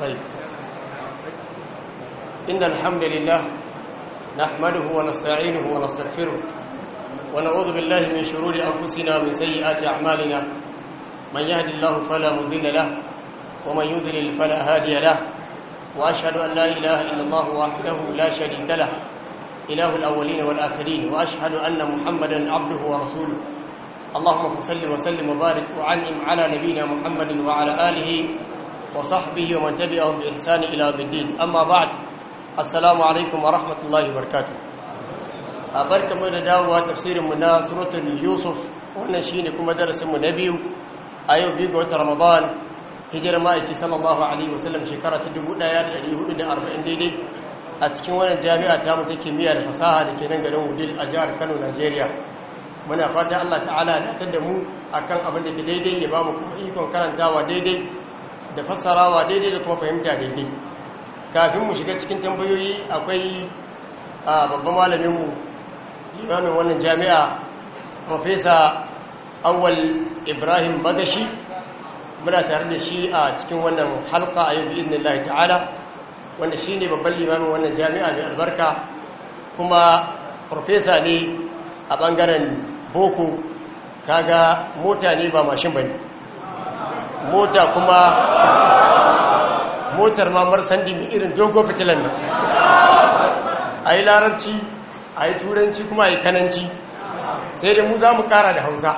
طيب إن الحمد لله نحمده ونستعينه ونستغفره ونعوذ بالله من شرور أنفسنا ومن سيئات أعمالنا من يهد الله فلا مضل له ومن يضلل فلا هادي له وأشهد أن لا إله إلا الله وحده لا شريك له إله الأولين والآخرين وأشهد أن محمدا عبده ورسوله اللهم صل وسلم وبارك وعنهم على نبينا محمد وعلى آله وصحبه ومن تبعهم بإحسان إلى الدين أما بعد السلام عليكم ورحمة الله وبركاته أبارك من دعوة تفسير من سورة يوسف ونشينكم درس من نبي أيوب بيقوة رمضان hijirar ma'aiki sallallahu alaihi wasallam shekara ta 1440 daidai a cikin wannan jami'a ta mu ta kimiyya da fasaha da ke nan garin wudil a jihar kano nigeria muna fatan allah ta'ala ya tattar da mu akan abin da ke daidai ya bamu ikon karantawa daidai da fassarawa daidai da kuma fahimta daidai kafin mu shiga cikin tambayoyi akwai a babban malaminmu limamin wannan jami'a profesa awal ibrahim magashi muna tare da shi a cikin wannan halka a yau inillahi ta'ala wanda shi ne babban limamin wannan jami'a mai albarka kuma profesa ne a ɓangaren boko kaga mota ne ba mashin bane mota kuma motar mamar sandi mai irin dogo fitilan nan a yi larabci a yi turanci kuma a yi kananci sai dai mu za mu kara da hausa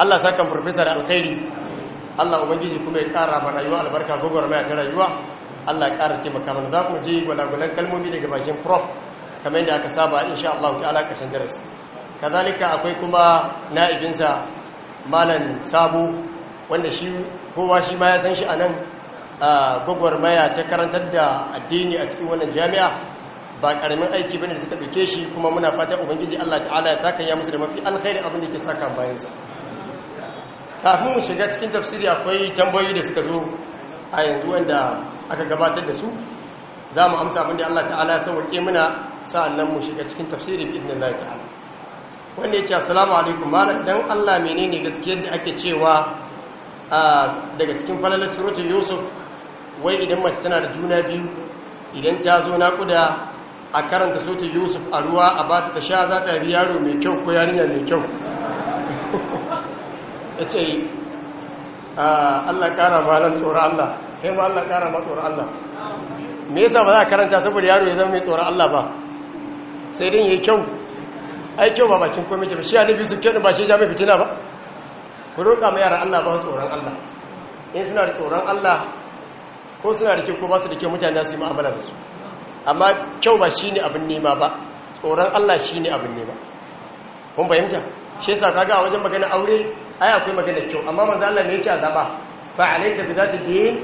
allah sakan farfesa da alkhairi allah ubangiji kuma ya kara ma rayuwa albarka gogor mai ta rayuwa allah ya kara taimaka mana za ku je gwalagwalan kalmomi daga bashin prof kamar yadda aka saba sha allah ta'ala ƙarshen darasi kazalika akwai kuma na'ibinsa malam sabo wanda shi kowa shi ma ya san shi a nan gwagwarmaya ta karantar da addini a cikin wannan jami'a ba karamin aiki bane da suka ɗauke shi kuma muna fata ubangiji Allah ta'ala ya saka ya musu da mafi alkhairi abin da ke saka sa kafin mu shiga cikin tafsiri akwai tambayoyi da suka zo a yanzu wanda aka gabatar da su za mu amsa abin da Allah ta'ala ya sauke muna sa'annan mu shiga cikin tafsiri bi idnillah ta'ala wanda ya ce assalamu alaikum malam dan Allah menene gaskiyar da ake cewa daga cikin falalar surutun yusuf wai idan mace tana da juna biyu idan ta zo naƙuda a karanta surutun yusuf a ruwa a ba ta sha za ta yi yaro mai kyau ko yarinya mai kyau ya ce allah ƙara malar tsoron allah kai ma allah ƙara ma tsoron allah me yasa ba za a karanta saboda yaro ya zama mai tsoron allah ba sai din ya yi kyau ai kyau ba bakin komai ba, shi ne bisu kyau ba shi ya mai fitina ba ku roƙa mai yaran Allah ba su tsoron Allah in suna da tsoron Allah ko suna da kyau ko ba su da kyau mutane su yi mu'amala da su amma kyau ba shi ne abin nema ba tsoron Allah shi ne abin nema kun fahimta shi yasa kaga a wajen magana aure ai akwai magana kyau amma manzo Allah ne ya ce a zaba fa alayka bi zati din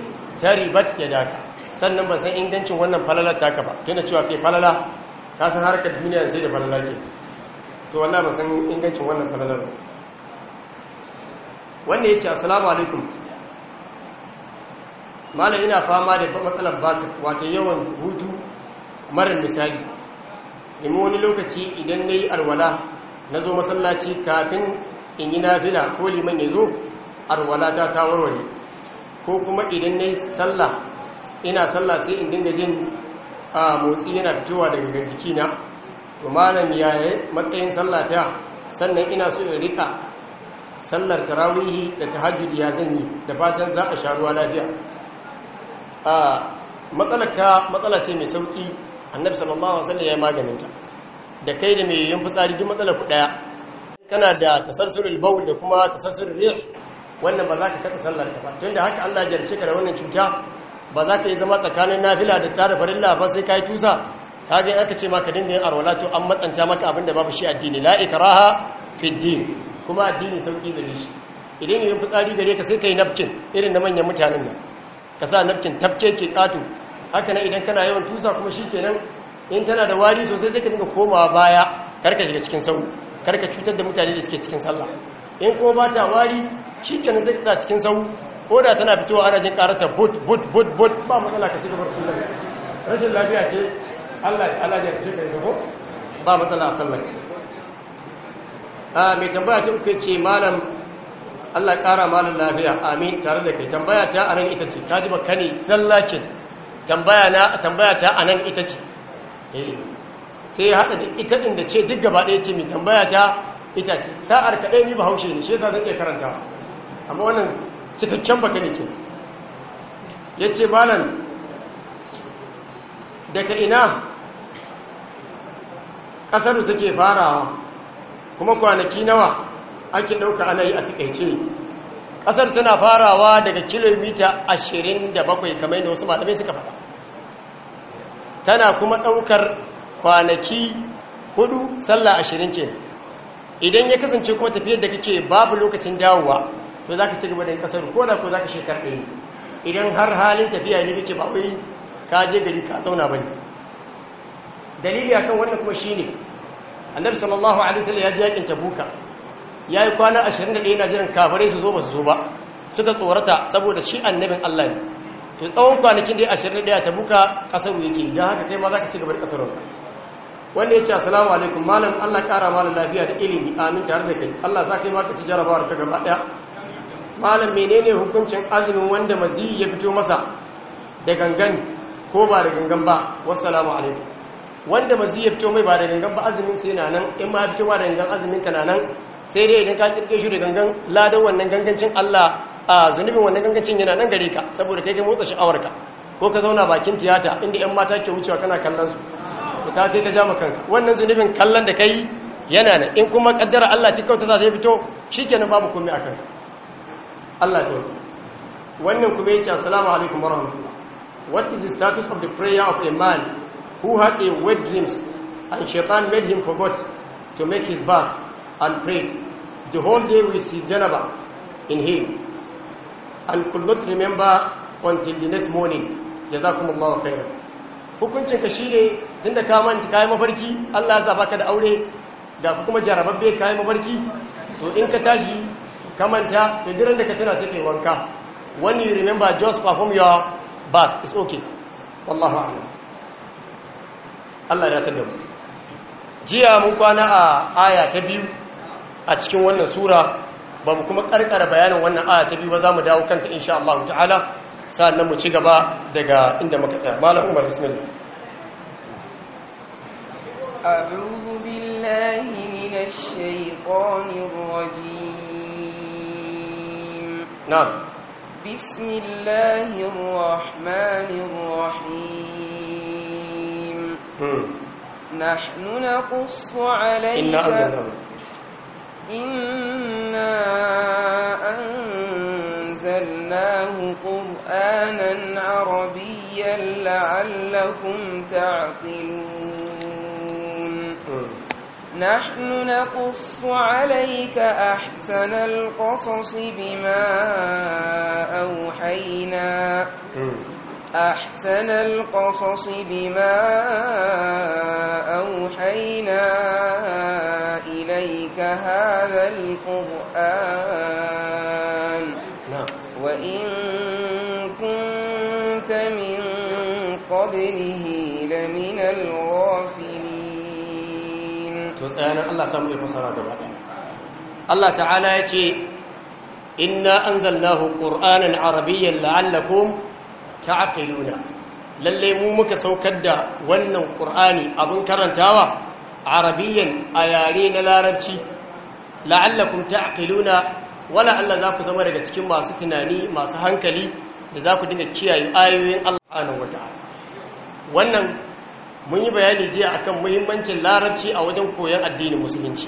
taribat yadaka sannan ba san ingancin wannan falalar taka ba kina cewa kai falala ka san harkar duniya sai da falala ke to wallahi ba san ingancin wannan falalar ba wannan ya ce asalamu alaikum malam ina fama da matsalar basu wata yawan hutu marar misali in wani lokaci idan na yi arwala na zo masallaci kafin in yi nafila ko liman ya zo arwala ta tawarware warware ko kuma idan na yi sallah ina sallah sai in dinga jin a motsi yana fitowa daga gajikina, to malam yaya matsayin sallata ta sannan ina so in rika sallar tarawihi da tahajjudi ya yi da fatan za a sha ruwa lafiya a matsalaka matsala ce mai sauki annabi sallallahu alaihi wasallam ya maganin ta da kai da mai yin fitsari duk matsala ku daya kana da tasarsurul bawl da kuma tasarsurul rih wannan ba za ka kada sallar ka ba tunda haka Allah ya jarce ka da wannan cuta ba za ka yi zama tsakanin nafila da tare farilla ba sai ka yi tusa kaga aka ce maka dinga yin arwala to an matsanta maka abinda babu shi addini la ikraha fi din kuma addini sauki gare shi idan yayin fitsari gare ka sai kai napkin irin na manyan mutanen nan ka sa napkin tafke ke kato haka nan idan kana yawan tusa kuma shikenan in tana da wari sosai zai ka dinga komawa baya karka shiga cikin sauri karka cutar da mutane da suke cikin sallah in kuma ba ta wari shikenan zai ka cikin sauri ko da tana fitowa ana jin karata but but but but ba matsala ka cigaba da sallah rashin lafiya ce Allah Allah ya ka ko ba matsala a sallah a ah, mai tambaya ta uku ce malam Allah ƙara malam lafiya amin tare da kai tambaya ta anan ita ce ta ji baka ne zallacin tambaya ta anan ita ce eh. sai ya haɗa da ita ɗin da ce duk gaba ɗaya ce mai tambaya ta ita ce sa'ar kaɗai ni ba haushe ne shi yasa zan iya karanta amma wannan cikakken baka ne ke ya ce malam daga ina ƙasar da take farawa kuma kwanaki nawa ake ɗauka ana a takaice ƙasar tana farawa daga kilomita 27 kamar da wasu malamai suka faɗa tana kuma ɗaukar kwanaki hudu sallah ashirin ke idan ya kasance kuma tafiyar da kake babu lokacin dawowa to za ka ci gaba da ƙasar ko da ko za ka shekar ɗaya idan har halin tafiya ne kake ba wai ka je gari ka zauna ba ne dalili akan wannan kuma shine annabi sallallahu alaihi wasallam ya ji yakin tabuka yayi kwana 21 na jiran kafare su zo ba su zo ba suka tsorata saboda shi annabin Allah ne to tsawon kwanakin dai 21 tabuka kasar yake dan haka sai ma zaka ci gaba da kasar wanda ya ce assalamu alaikum malam Allah kara malam lafiya da ilimi amin tare da kai Allah zaka yi ma ka jarabawar ka gaba daya malam menene hukuncin azumin wanda maziyi ya fito masa da gangan ko ba da gangan ba wassalamu alaikum wanda ba zai fito mai ba da gangan ba azumin sai na nan in ma fito ba da gangan azumin ka na nan sai dai idan ka kirge shi da gangan ladan wannan gangancin Allah a zunubin wannan gangancin yana nan gare ka saboda kai ka motsa sha'awar ka ko ka zauna bakin tiyata inda yan mata ke wucewa kana kallon su to ka kai ka ja maka wannan zunubin kallon da kai yana nan in kuma kaddara Allah ce kauta za ta fito shikenan babu komai akan Allah ya wannan kuma yace assalamu alaikum warahmatullahi what is the status of the prayer of a man who had a wet dreams and shaitan made him forget to make his bath and prayed The whole day we see janaba in him and could not remember until the next morning. Jazakumullahu khair. Hukuncin ka shine tunda ka manta kai mafarki Allah ya saba ka da aure da kuma jarababbe kai mafarki to in ka tashi ka manta to duk da ka tana sai kai wanka when you remember just perform your bath it's okay wallahu a'lam Allah ya datar da jiya mun kwana a aya ta biyu a cikin wannan sura ba mu kuma karkara bayanin wannan aya ta biyu ba za mu dawo kanta insha Allah ta'ala sannan mu ci gaba daga inda muka tsaya malam Umar bismillah أعوذ بالله من الشيطان الرجيم نعم بسم الله الرحمن نحن نقص عليك إنا أنزلناه قرآنا عربيا لعلكم تعقلون نحن نقص عليك أحسن القصص بما أوحينا أحسن القصص بما أوحينا إليك هذا القرآن نعم. وإن كنت من قبله لمن الغافلين الله سمعي إيه فصرا الله تعالى يتي إنا أنزلناه قرآنا عربيا لعلكم ta'qiluna lalle mu muka saukar da wannan qur'ani abin karantawa arabiyyan a yare na larabci la'allakum ta'qiluna wala Allah za ku zama daga cikin masu tunani masu hankali da za ku dinga kiyaye ayoyin Allah subhanahu wata'ala wannan mun yi bayani jiya akan muhimmancin larabci a wajen koyon addinin musulunci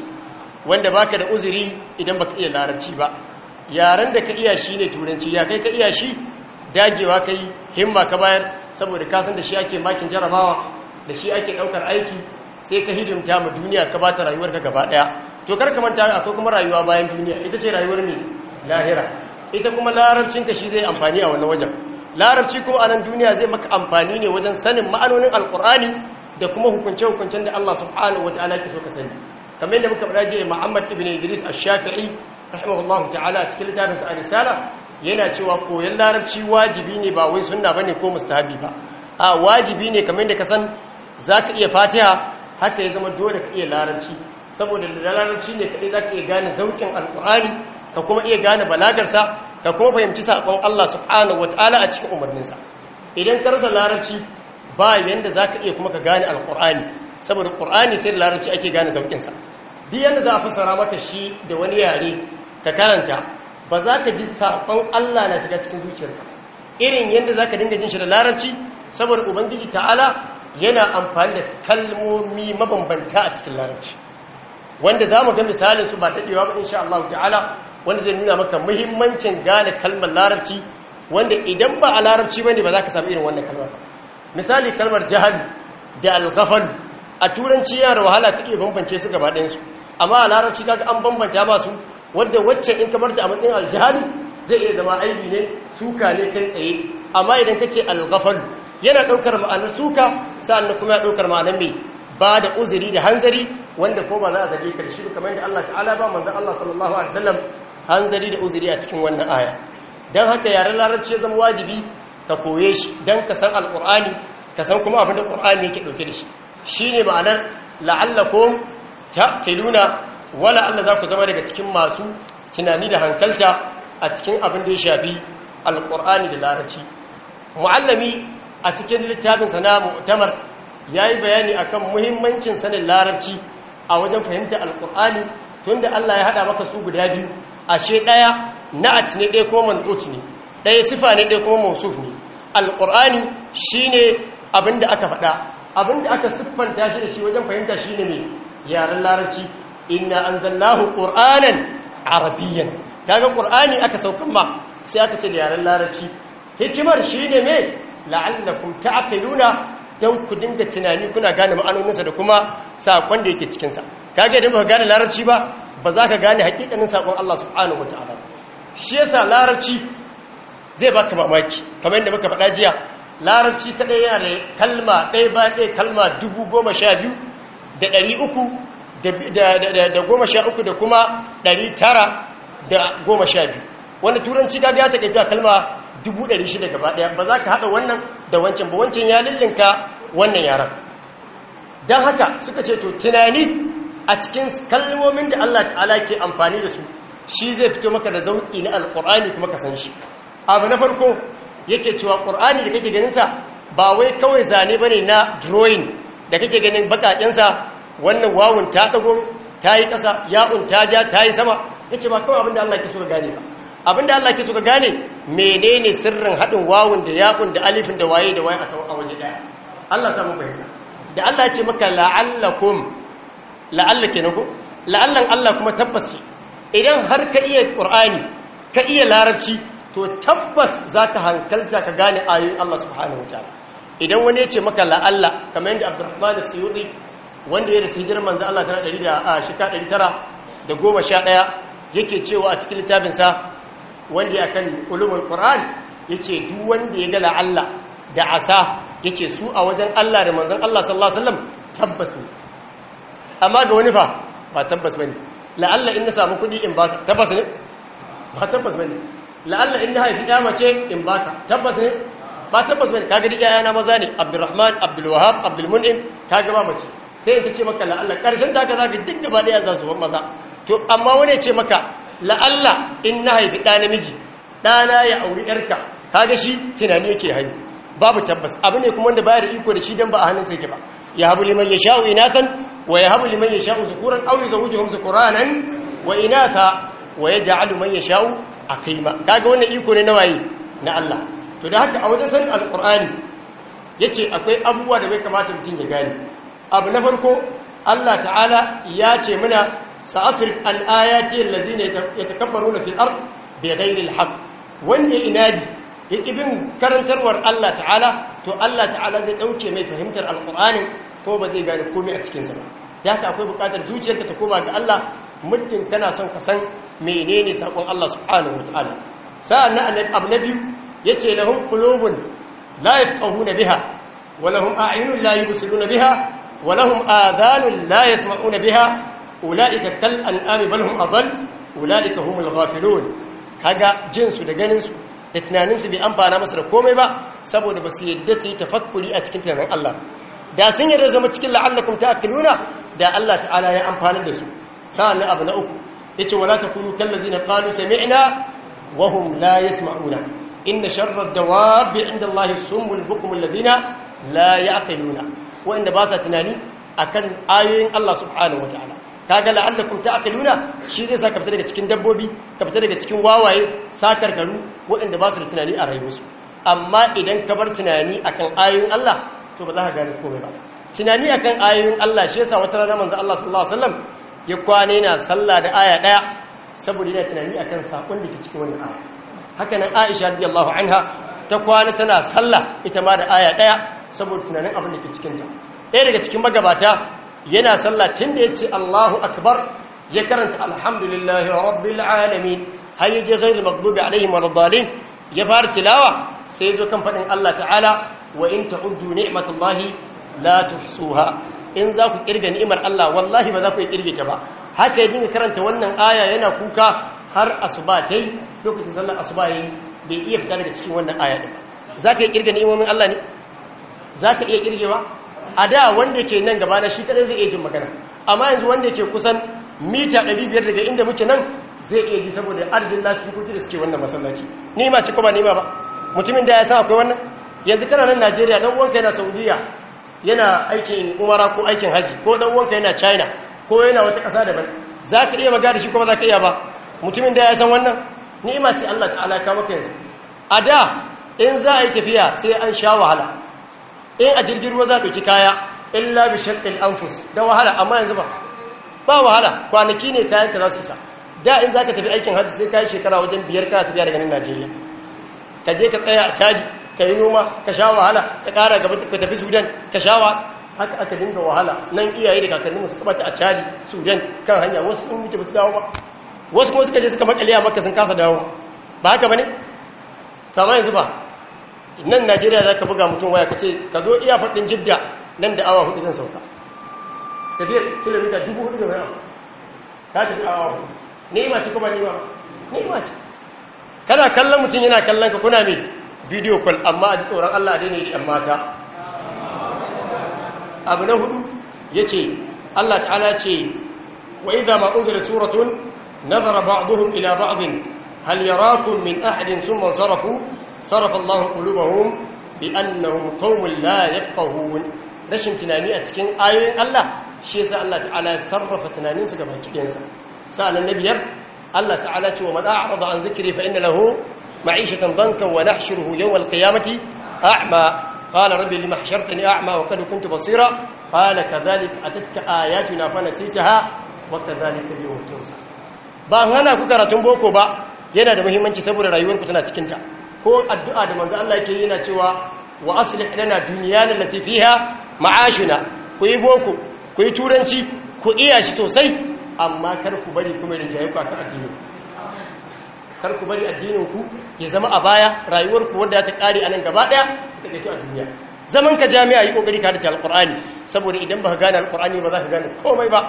wanda baka da uzuri idan baka iya larabci ba yaren da ka iya shi ne turanci ya kai ka iya shi dagewa ka yi himma ka bayar saboda kasan da shi ake makin jarabawa da shi ake ɗaukar aiki sai ka hidimta ma duniya ka bata rayuwarka gaba daya to kar ka manta akwai kuma rayuwa bayan duniya ita ce rayuwar ne lahira ita kuma ka shi zai amfani a wannan wajen larabci kuma a nan duniya zai maka amfani ne wajen sanin ma'anonin Alƙur'ani da kuma hukunce-hukuncen da Allah subhanahu wata'ala ke so ka sani kamar yadda muka faɗa je Muhammad ibn Idris ash-Shafi'i rahimahullahu ta'ala a cikin littafin sa Risala yana cewa koyon larabci wajibi ne ba wai sunna bane ko mustahabi ba a wajibi ne kamar da ka san zaka iya fatiha haka ya zama dole ka iya larabci saboda larabci ne kadai zaka iya gane zaukin alqur'ani ka kuma iya gane balagarsa ka kuma fahimci sakon Allah subhanahu wataala a cikin sa idan ka rasa larabci ba yanda zaka iya kuma ka gane alqur'ani saboda qur'ani sai da larabci ake gane zaukin sa duk yanda za a fassara maka shi da wani yare ka karanta ba za ka ji saƙon Allah na shiga cikin zuciyarka irin yadda za ka dinga jin shi da larabci saboda ubangiji ta'ala yana amfani da kalmomi mabambanta a cikin larabci wanda za mu ga misalin su ba daɗewa ba insha Allah ta'ala wanda zai nuna maka muhimmancin gane kalmar larabci wanda idan ba a larabci ba ne ba za ka samu irin wannan kalmar misali kalmar jihar da alghafal a turanci yana da wahala take bambance su gaba ɗayansu amma a larabci kaga an bambanta ba su wadda wacce in kamar da a matsayin zai iya zama aibi ne suka ne kai tsaye amma idan ka ce algafal yana ɗaukar ma'anar suka sa'an kuma ya ɗaukar ma'anar mai ba da uzuri da hanzari wanda ko ba za a zage ka da kamar yadda Allah ta'ala ba manzon Allah sallallahu alaihi wasallam hanzari da uzuri a cikin wannan aya dan haka yaren larabci zama wajibi ka koye shi dan ka san alqur'ani ka san kuma abin da qur'ani yake dauke da shi shine ma'anar la'allakum ta'tiluna wala Allah za ku zama daga cikin masu tunani da hankalta a cikin abin da ya shafi alƙur'ani da larabci mu'allami a cikin littafin sana mu'tamar ya yi bayani akan muhimmancin sanin larabci a wajen fahimta alƙur'ani tunda Allah ya haɗa maka su guda biyu ashe ɗaya na'at ne ɗaya ko man'ut ne ɗaya sifa ne ɗaya kuma mausuf ne alƙur'ani shine abin da aka faɗa abin da aka siffanta shi da shi wajen fahimta shi ne yaren larabci inna anzalnahu qur'anan arabiyyan kaga ƙur'ani aka saukan ma sai aka ce da yaren larabci hikimar shine me la'allakum nuna don ku dinga tunani kuna gane ma'anoninsa da kuma sakon da yake cikinsa. sa kaga idan baka gane larabci ba ba za ka gane hakikanin sakon Allah subhanahu wataala shi yasa larabci zai baka mamaki kamar yadda muka faɗa jiya larabci kadai ya da kalma ɗaya ba ɗaya kalma dubu goma sha biyu da ɗari uku da goma sha uku da kuma ɗari tara da goma sha biyu wanda turanci gabi ya taƙaita a kalma dubu ɗari shida gaba ɗaya ba za ka haɗa wannan da wancan ba wancan ya lillinka wannan yaran don haka suka ce to tunani a cikin kalmomin da Allah ta'ala ke amfani da su shi zai fito maka da zauƙi na alƙur'ani kuma ka san shi abu na farko yake cewa ƙur'ani da kake ganinsa ba wai kawai zane ba ne na drawing da kake ganin baƙaƙensa wannan wawun ta dago ta yi ƙasa ya'un ta ja ta yi sama Ya ce ba kawai abinda Allah ke so ka gane ba abinda Allah ke so ka gane menene sirrin haɗin wawun da ya'un da alifin da waye da waye a sauka waje daya Allah samu fahimta da Allah ce maka la'allakum la'alla kenan ko la'allan Allah kuma tabbas ce. idan har ka iya Ƙur'ani ka iya larabci to tabbas za ta hankalta ka gane ayoyin Allah subhanahu idan wani ya ce maka la'alla kamar yadda Abdurrahman as-Suyuti wanda ya rasu hijirar manzo Allah tana ɗaya yake cewa a cikin littafinsa wanda ya kan ulumul qur'an yace duk wanda ya gala Allah da asa yace su a wajen Allah da manzon Allah sallallahu alaihi wasallam tabbas ne amma ga wani fa ba tabbas bane la'alla in na samu kudi in baka tabbas ne ba tabbas bane la'alla in na haifi ya mace in baka tabbas ne ba tabbas bane kaga duk yayana maza ne Abdulrahman Abdulwahab Abdulmun'im kaga ba mace sai ta ce maka la'alla ƙarshen ta ka zaga duk gaba ɗaya za su ban maza to amma wani ce maka la'alla in na haifi ɗa namiji ɗana ya auri ƴarka kaga shi tunani yake hanyu babu tabbas abu ne kuma wanda baya da iko da shi don ba a hannun sa ke ba ya habu liman ina inathan wa ya habu liman yasha'u zukuran aw yuzawijuhum ƙuranan? wa ka, wa yaj'alu man ma. Ka ga wannan iko ne na waye na Allah to da haka a wajen sanin ya yace akwai abubuwa da bai kamata mutum ya gane abu na farko Allah ta'ala ya ce muna sa'asrif an ayati allazina yatakabbaruna fil ard bighayri al haqq wanda inadi ibin karantarwar Allah ta'ala to Allah ta'ala zai ɗauke mai fahimtar alqur'ani ko ba zai gane komai a cikin sa ba da haka akwai bukatar zuciyar ta koma ga Allah muddin kana son ka san menene sakon Allah subhanahu wataala abu na biyu yace lahum qulubun la yafqahuna biha wa lahum a'yunun la yubsiruna biha ولهم آذان لا يسمعون بها أولئك كالأنعام الآن بل هم أضل أولئك هم الغافلون kaga jinsu da ganinsu da tunaninsu bai amfana masu da komai ba saboda ba su yadda su yi tafakkuri a cikin tunanin Allah da sun yarda zama cikin la'allakum ta'qiluna da Allah ta'ala ya amfana da su sa'annan abu na uku yace wala takunu kallazina qalu sami'na wa hum la yasma'una inna sharra ad-dawabi 'inda Allah as-summul bukum alladhina la ya'qiluna wanda ba sa tunani akan ayoyin Allah subhanahu wataala kaga la'allakum ta'qiluna shi zai saka fita daga cikin dabbobi ka fita daga cikin wawaye sakarkaru waɗanda ba su da tunani a rayuwarsu amma idan ka bar tunani akan ayoyin Allah to ba za ka gane komai ba tunani akan ayoyin Allah shi yasa wata rana manzo Allah sallallahu alaihi wasallam ya kwane na sallah da aya daya saboda yana tunani akan sakon da ke cikin wannan aya haka nan Aisha radiyallahu anha ta kwana tana sallah ita ma da aya daya saboda tunanin abin da ke cikinta ɗaya daga cikin magabata yana sallah tun da ya ce allahu akbar ya karanta alhamdulillahi rabbil alamin har ya je ghairul maghdubi alaihi waladdallin ya fara tilawa sai ya zo kan faɗin Allah ta'ala wa in ta'uddu ni'matallahi la tuhsuha in za ku kirga ni'imar Allah wallahi ba za ku kirge ta ba haka ya dinga karanta wannan aya yana kuka har asuba tai lokacin sallar asuba yayi bai iya fita daga cikin wannan aya ka zaka kirga ni'imomin Allah ne za ka iya kirgewa a da wanda ke nan gaba na shi kadai zai iya jin magana amma yanzu wanda ke kusan mita 500 daga inda muke nan zai iya ji saboda adadin lasifikoki da suke wannan masallaci nema ci kuma nema ba mutumin da ya sa akwai wannan yanzu kana nan najeriya dan uwanka yana saudiya yana aikin umara ko aikin haji ko dan uwanka yana china ko yana wata ƙasa daban za ka iya magana shi kuma za ka iya ba mutumin da ya san wannan ni'ima ce allah ta'ala ka maka yanzu a da in za a yi tafiya sai an sha wahala in a jirgin ruwa za ka ci kaya in labi shakkin anfus da wahala amma yanzu ba ba wahala kwanaki ne kayan ka za su isa da in za ka tafi aikin hajji sai kayi shekara wajen biyar ka tafiya daga nan najeriya ka je ka tsaya a cadi ka yi noma ka sha wahala ka ƙara gaba ka tafi sudan ka sha wahala haka aka dinga wahala nan iyaye da kakanninmu suka ta a Chadi sudan kan hanya wasu sun wuce ba su dawo ba wasu kuma suka je suka makale a makka sun kasa dawo ba haka bane ne? kama yanzu ba nan najeriya za ka buga mutum waya ka ce ka zo iya faɗin jidda nan da awa hudu zan sauka tafiyar kilomita dubu hudu da wani abu ka tafi awa hudu ni'ima ce kuma ni'ima ni'ima ce kana kallon mutum yana kallon ka kuna ne bidiyo kwal amma a ji tsoron allah dai ne da yan mata abu na hudu ya ce allah ta'ala ce wa idza ma unzila suratun nazara ba'dhum ila ba'd hal yarakum min ahadin thumma sarafu sarrafa Allahu qulubahum bi annahum qaumun la yafqahun rashin tunani a cikin ayoyin Allah shi yasa Allah ta'ala sarrafa tunanin su gaba kiyansa sa'an Allah ta'ala ce wa man a'rada an zikri fa inna lahu ma'ishatan danka wa nahshuruhu yawm al-qiyamati a'ma قال ربي لما حشرتني أعمى وقد كنت بصيرا قال كذلك أتتك آياتنا فنسيتها وكذلك اليوم تنسى ba hana ku karatun boko ba yana da muhimmanci saboda rayuwarku tana cikinta ko addu'a da manzo Allah yake yana cewa wa aslih lana dunyana lati fiha ma'ashina ku yi boko ku yi turanci ku iya shi sosai amma kar ku bari kuma da jayi ka addini kar ku bari addinin ku ya zama a baya rayuwar ku wanda ta kare anan gaba daya ta kaito a duniya zaman ka jami'a yi kokari ka dace alqur'ani saboda idan ba ka gane alqur'ani ba za ka gane komai ba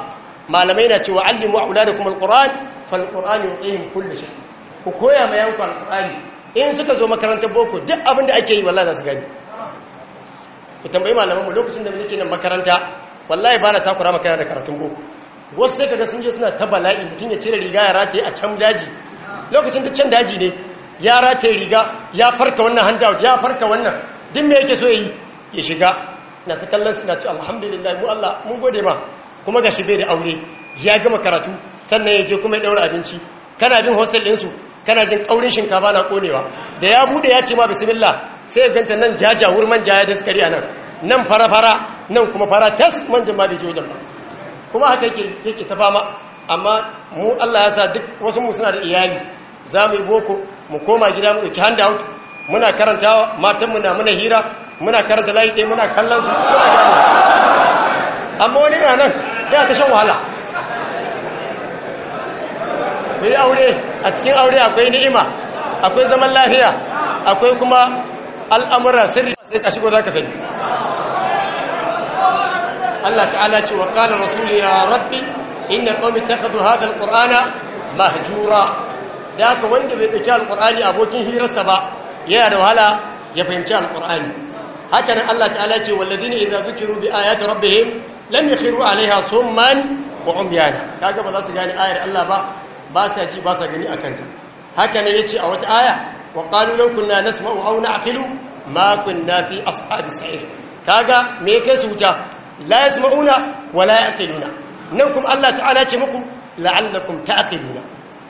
malamai na cewa allimu auladakum alqur'an falqur'an yutihim kulle shay ku koya ma yanku alqur'ani in suka zo makarantar boko duk abin da ake yi wallahi za su gani ku tambayi malamanmu lokacin da mu muke nan makaranta wallahi ba na takura makana da karatun boko wasu sai kaga sun je suna ta bala'i mutum ya cire riga ya rataye a can daji lokacin da can daji ne ya rataye riga ya farka wannan handout ya farka wannan duk me yake so ya yi ya shiga na ta kallon suna ce alhamdulillah mu Allah mun gode ma kuma gashi bai da aure ya gama karatu sannan ya je kuma ya daura abinci kana bin hostel ɗinsu kana jin kaurin shinkafa na konewa da ya bude ya ce ma bismillah sai ganta nan jaja wurman jaya da sukari anan nan fara fara nan kuma fara tas manja ma bai je wajen ba kuma haka yake yake ta fama amma mu Allah ya sa duk wasu mu suna da iyali za mu yi boko mu koma gida mu ki hand out muna karantawa matanmu na muna hira muna karanta layi muna kallon su amma wani yana nan yana ta shan wahala mu yi aure a cikin aure akwai ni'ima akwai zaman lafiya akwai kuma al'amura sirri sai ka shigo zaka sani Allah ta'ala ce wa qala rasuli ya rabbi ta qaumi takhadhu hadha alqur'ana mahjura da aka wanda bai dauki alqur'ani abokin hirarsa ba yana da wahala ya fahimci alqur'ani haka nan Allah ta'ala ce walladina idza zukiru bi ayati rabbihim lam yakhiru alaiha summan wa umyana kaga ba za su gane ayar Allah ba ba sa ji ba sa gani a kanta haka ne ya ce a wata aya wa ƙalulan kunna na sama'u au a filu. ma kunna fi ashabi sa'ir kaga me kai su wuta la yasma'una wa la yaqiluna nan kuma Allah ta'ala ce muku la'allakum ta'qiluna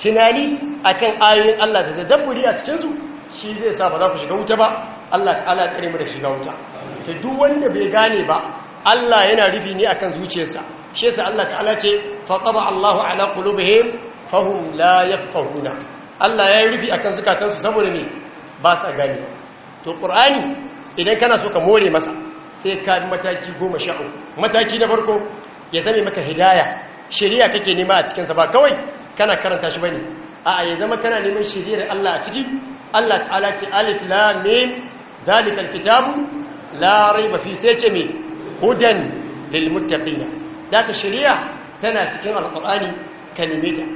tunani akan ayoyin Allah da da dabburi a cikin su shi zai sa ba za ku shiga wuta ba Allah ta'ala tsare mu da shiga wuta to duk wanda bai gane ba Allah yana rufi ne akan zuciyarsa shi yasa Allah ta'ala ce fa qaba Allahu ala qulubihim fahum la fahuna Allah ya yi rufi akan zukatansu saboda ne ba sa gani to ƙur'ani idan kana so ka more masa sai ka bi mataki sha'o. mataki na farko ya zame maka hidaya shari'a kake nema a cikin sa ba kawai kana karanta shi bane a'a ya zama kana neman shari'ar Allah a ciki Allah ta'ala ce alif lam mim zalikal kitabu la raiba fi sai ce me hudan lil muttaqin da ka shari'a tana cikin alqur'ani ka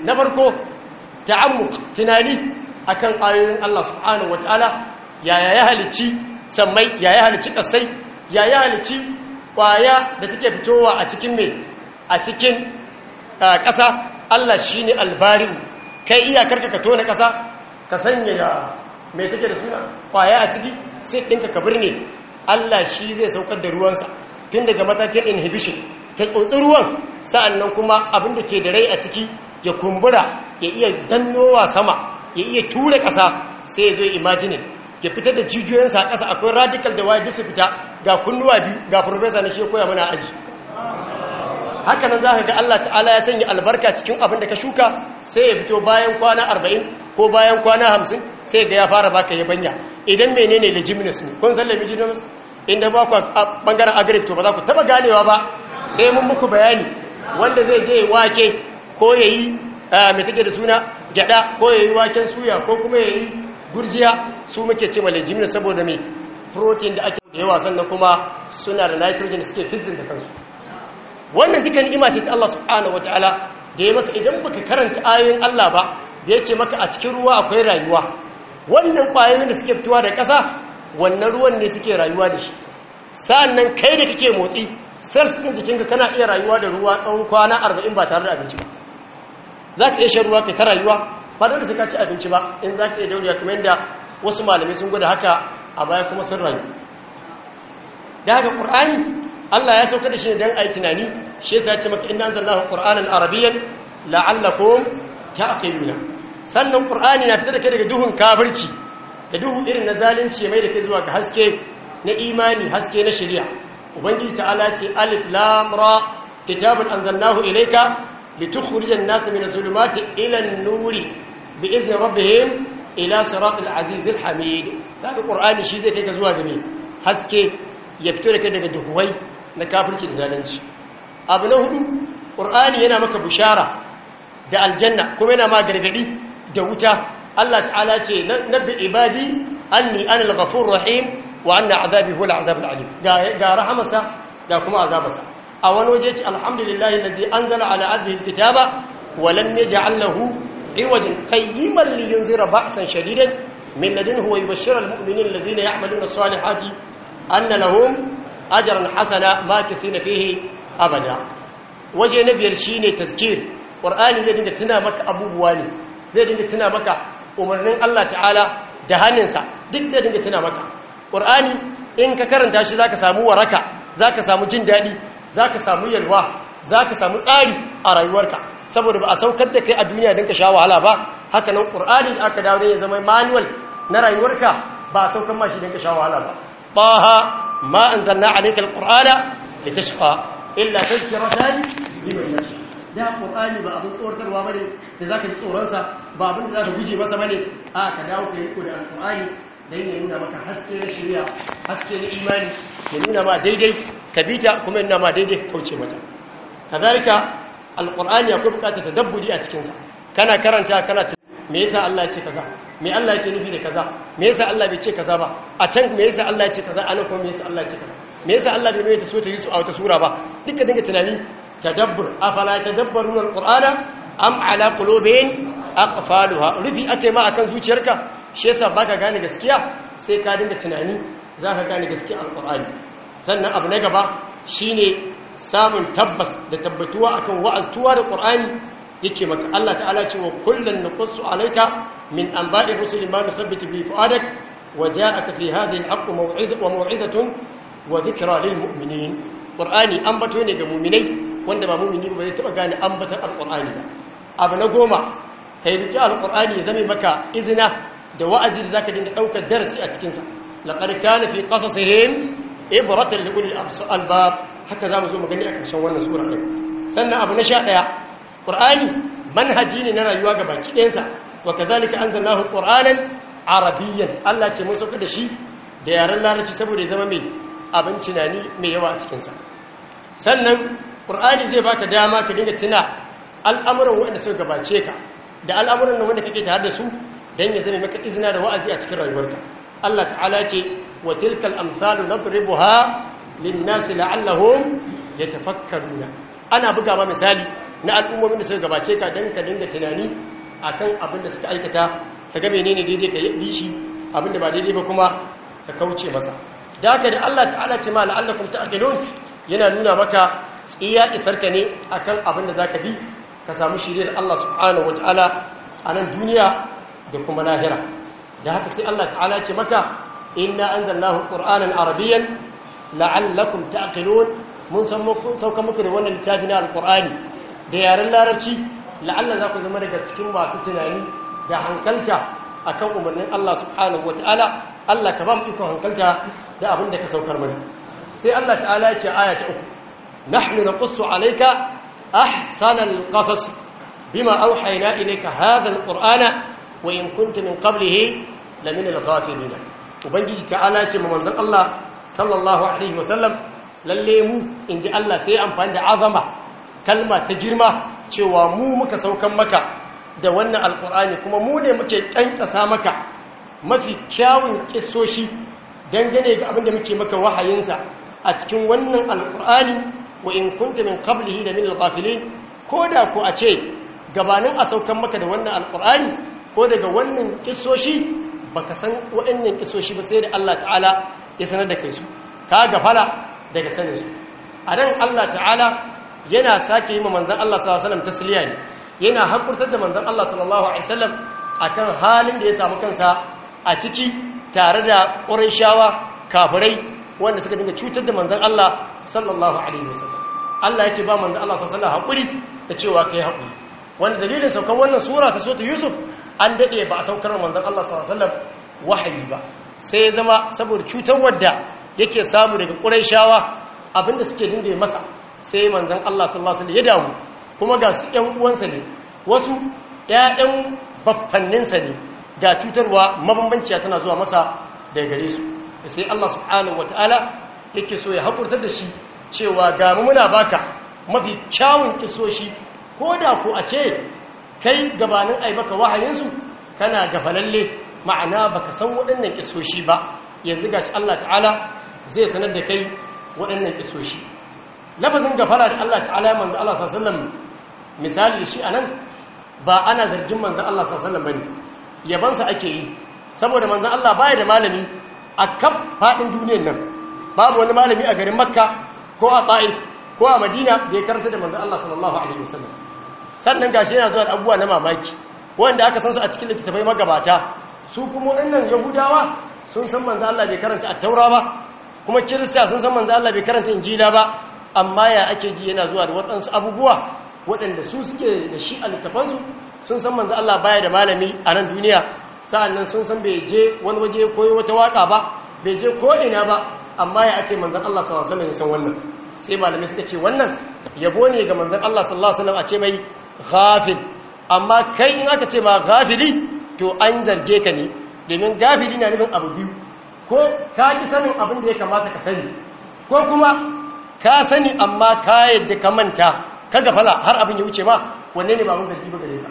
na farko ta'ammuk tunani akan ayoyin Allah subhanahu wataala yaya ya halici sammai yaya halici kasai yaya halici kwaya da take fitowa a cikin me a cikin kasa Allah shine albarin kai iyakarka ka tona kasa ka sanya me take da suna kwaya a ciki sai ɗinka ka birne Allah shi zai saukar da ruwansa tun daga matakin inhibition ta tsotsi ruwan sa'an nan kuma abin da ke da rai a ciki ya kumbura ya iya dannowa sama ya iya tura ƙasa sai ya zo imajinin ya fitar da jijiyoyinsa a ƙasa akwai radical da waye su fita ga kunnuwa biyu ga profesa na shi koya mana aji haka nan za ka ga Allah ta'ala ya sanya albarka cikin abin da ka shuka sai ya fito bayan kwana arba'in ko bayan kwana hamsin sai ga ya fara baka banya idan menene legitimacy ne kun san legitimacy inda ba ku bangaren agric to ba za ku taba ganewa ba sai mun muku bayani wanda zai je wake ko ya yi ah, mai da suna gyada ko ya yi waken suya ko kuma ya yi gurjiya su muke ce malajimin saboda mai protein da ake da yawa sannan kuma suna da nitrogen suke fixin da kansu wannan dukkan ni'ima ce ta Allah subhanahu wataala da ya maka idan baka karanta ayoyin Allah ba da ya ce maka a cikin ruwa akwai rayuwa wannan kwayoyin da suke fitowa da ƙasa wannan ruwan ne suke rayuwa da shi Sannan kai da kake motsi cells din jikinka kana iya rayuwa da ruwa tsawon kwana 40 ba tare da abinci ba za ka iya shan ruwa ka ta rayuwa ba da sai ci abinci ba in za ka iya dauriya kamar yadda wasu malamai sun gwada haka a baya kuma sun rayu da haka ƙur'ani Allah ya sauka da shi don a yi tunani shi ya ce maka inda an zanna ƙur'anin arabiyyan la'allakum ta'qiluna sannan ƙur'ani na fitar da kai daga duhun kafirci da duhu irin na zalunci mai da kai zuwa ga haske na imani haske na shari'a ubangiji ta'ala ce alif lam ra kitabun anzalnahu ilayka litukhrijan nasa min zulumati ila an-nuri bi izni rabbihim ila siratil azizil hamid kaga qur'ani shi zai kai ka zuwa gare haske ya fito da kai daga duhuwai na kafirci da zalunci abu na hudu qur'ani yana maka bushara da aljanna kuma yana ma gargadi da wuta Allah ta'ala ce nabbi ibadi anni ana al-ghafurur rahim wa anna azabi huwa al'azab al'alim ga rahamarsa da kuma azabarsa a wani waje ce alhamdulillahi allazi anzala ala abdihi alkitaba wa lam yaj'al lahu iwajan qayyiman li yunzira ba'san shadidan min ladunhu wa yubashshira almu'minina allazina ya'maluna as-salihati anna lahum ajran hasana makithina fihi abada waje na biyar shine tazkir qur'ani zai dinga tuna maka abubuwa ne zai dinga tuna maka umarnin Allah ta'ala da hannunsa duk zai dinga tuna maka ƙur'ani in ka karanta shi zaka samu waraka zaka samu jin daɗi zaka samu yalwa zaka samu tsari a rayuwarka saboda ba a saukar da kai a duniya don ka sha wahala ba haka nan ƙur'ani aka dawo ya zama manual na rayuwarka ba a saukar mashi don ka sha wahala ba taha ma ƙur'ana alayka alqur'ana litashqa illa tadhkiratan liman yakhsha da qur'ani ba abin tsortarwa ne da zaka ji tsoron ba abin da zaka guje masa ne a ka dawo ka yi ko da alqur'ani dan ya nuna maka haske na shirya haske na imani ya nuna ma daidai kabita kuma nuna ma daidai kauce mata kazalika alqur'ani akwai ta dabbudi a cikin sa kana karanta kana me yasa Allah ya ce kaza me Allah yake nufi da kaza me yasa Allah bai ce kaza ba a can me yasa Allah ya ce kaza anan kuma me yasa Allah ya ce kaza me yasa Allah bai mai ta so ta yi su a wata sura ba duka dinga tunani tadabbur afala tadabbaruna alqur'ana am ala qulubin aqfaluha rufi ake ma akan zuciyarka shi yasa baka gane gaskiya sai ka dinga tunani za ka gane gaskiya alƙur'ani sannan abu na gaba shine samun tabbas da tabbatuwa akan wa'aztuwa da ƙur'ani yake maka Allah ta'ala ce wa kullun nuqsu alayka min anba'i rusul ma nusabbitu bi fu'adak wa ja'aka fi hadhihi al-haqqu maw'izatun wa maw'izatun wa dhikra lil mu'minin qur'ani ambato ne ga mu'minai wanda ba mu'mini ba zai taba gane ambatar al abu na goma kai riki al ya zame maka izina da wa'azi da zaka dinga ɗauka darasi a cikin sa laqad kana fi qasasihim ibratan li ulil albab haka mu zo magani a karshen wannan sura sannan abu na ɗaya. ƙur'ani manhaji ne na rayuwa ga baki ɗayan sa wa kadhalika anzalnahu qur'anan arabiyyan Allah ce mun sauka da shi da yaren larabci saboda ya zama mai abin tunani mai yawa a cikinsa. sannan ƙur'ani zai baka dama ka dinga tuna al'amuran wanda suka gabace ka da al'amuran wanda kake tare da su dan ya zame maka izina da wa'azi a cikin rayuwarka Allah ta'ala ce wa tilkal amsalu nadribuha lin ya la'allahum yatafakkaruna ana buga ma misali na al'ummomin da suka gabace ka dan ka dinga tunani kan abin da suka aikata ka ga menene daidai ka yi shi abin da ba daidai ba kuma ka kauce masa da haka da Allah ta'ala ce ma la'allakum ta'qilun yana nuna maka tsiya isarka ne akan abin da za ka bi ka samu shirin da Allah subhanahu ta'ala a nan duniya da kuma lahira da haka sai Allah ta'ala ce maka inna anzalnahu qur'anan arabiyyan la'allakum ta'qilun mun san muku sauka muku da wannan littafi na alqur'ani da yaren larabci la'alla za ku zama daga cikin masu tunani da hankalta akan umarnin Allah subhanahu wata'ala Allah ka ba mu iko hankalta da abin da ka saukar mana sai Allah ta'ala ya ce aya ta uku nahnu naqussu alayka ahsanal qasas bima awhayna ilayka hadha alqur'ana wa in kunta min qablihi la min al-ghafilin ubangiji ta'ala ce ma manzon Allah sallallahu alaihi mu lalle mu inji Allah sai amfani da azama kalma ta girma cewa mu muka saukan maka da wannan alqur'ani kuma mu ne muke kankasa maka mafi kyawun kissoshi dangane ga abin da muke maka wahayinsa a cikin wannan alqur'ani wa in kunta min qablihi la min al-ghafilin koda ko a ce gabanin a saukan maka da wannan alqur'ani ko daga wannan kisoshi baka san waɗannan kisoshi ba sai da Allah ta'ala ya sanar da kai su ka gafara daga sanin su a nan Allah ta'ala yana sake yi ma manzan Allah sallallahu alaihi wasallam tasliya ne yana haƙurtar da manzan Allah sallallahu alaihi wasallam akan halin da ya samu kansa a ciki tare da shawa kafirai wanda suka dinga cutar da manzan Allah sallallahu alaihi wasallam Allah yake ba manzan Allah sallallahu alaihi wasallam hakuri da cewa kai hakuri wanda dalilin saukar wannan sura ta sota Yusuf an daɗe ba a saukar wa manzan Allah sallallahu wahayi ba sai ya zama saboda cutar wadda yake samu daga ƙurayshawa abinda suke dinde masa sai manzan Allah sallallahu alaihi ya damu kuma ga su ƴan uwansa ne wasu ƴaƴan baffanninsa ne da cutarwa mabambanciya tana zuwa masa daga gare su sai Allah subhanahu wataala yake so ya hakurtar da shi cewa ga mu muna baka mafi kyawun kisoshi ko da ku a ce kai gabanin ai maka wahayinsu kana gafalalle ma'ana baka san waɗannan kisoshi ba yanzu gashi Allah ta'ala zai sanar da kai waɗannan kisoshi lafazin gafara da Allah ta'ala manzo Allah sallallahu alaihi wasallam misali shi anan ba ana zargin manzo Allah sallallahu alaihi wasallam bane yabansa ake yi saboda manzo Allah baya da malami a kan fadin duniyar nan babu wani malami a garin makka ko a ta'if ko a madina da ya karanta da manzo Allah sallallahu alaihi wasallam sannan gashi yana zuwa abubuwa na mamaki wanda aka san su a cikin littattafai magabata su kuma wannan yahudawa sun san manzo Allah bai karanta at-taura ba kuma kirista sun san manzo Allah bai karanta injila ba amma ya ake ji yana zuwa da waɗansu abubuwa waɗanda su suke da shi a littafansu sun san manzo Allah baya da malami a nan duniya sa'annan sun san bai je wani waje koyo wata waka ba bai je ko ina ba amma ya ake manzo Allah sallallahu alaihi wasallam ya san wannan sai malamai suka ce wannan yabo ne ga manzo Allah sallallahu alaihi wasallam a ce mai ghafil amma kai in aka ce ma ghafili to an zarge ka ne domin gafili na nufin abu biyu ko ka ki sanin abin da ya kamata ka sani ko kuma ka sani amma ka yadda ka manta ka gafala har abin ya wuce ma wanne ne ba mun zargi ba gare ka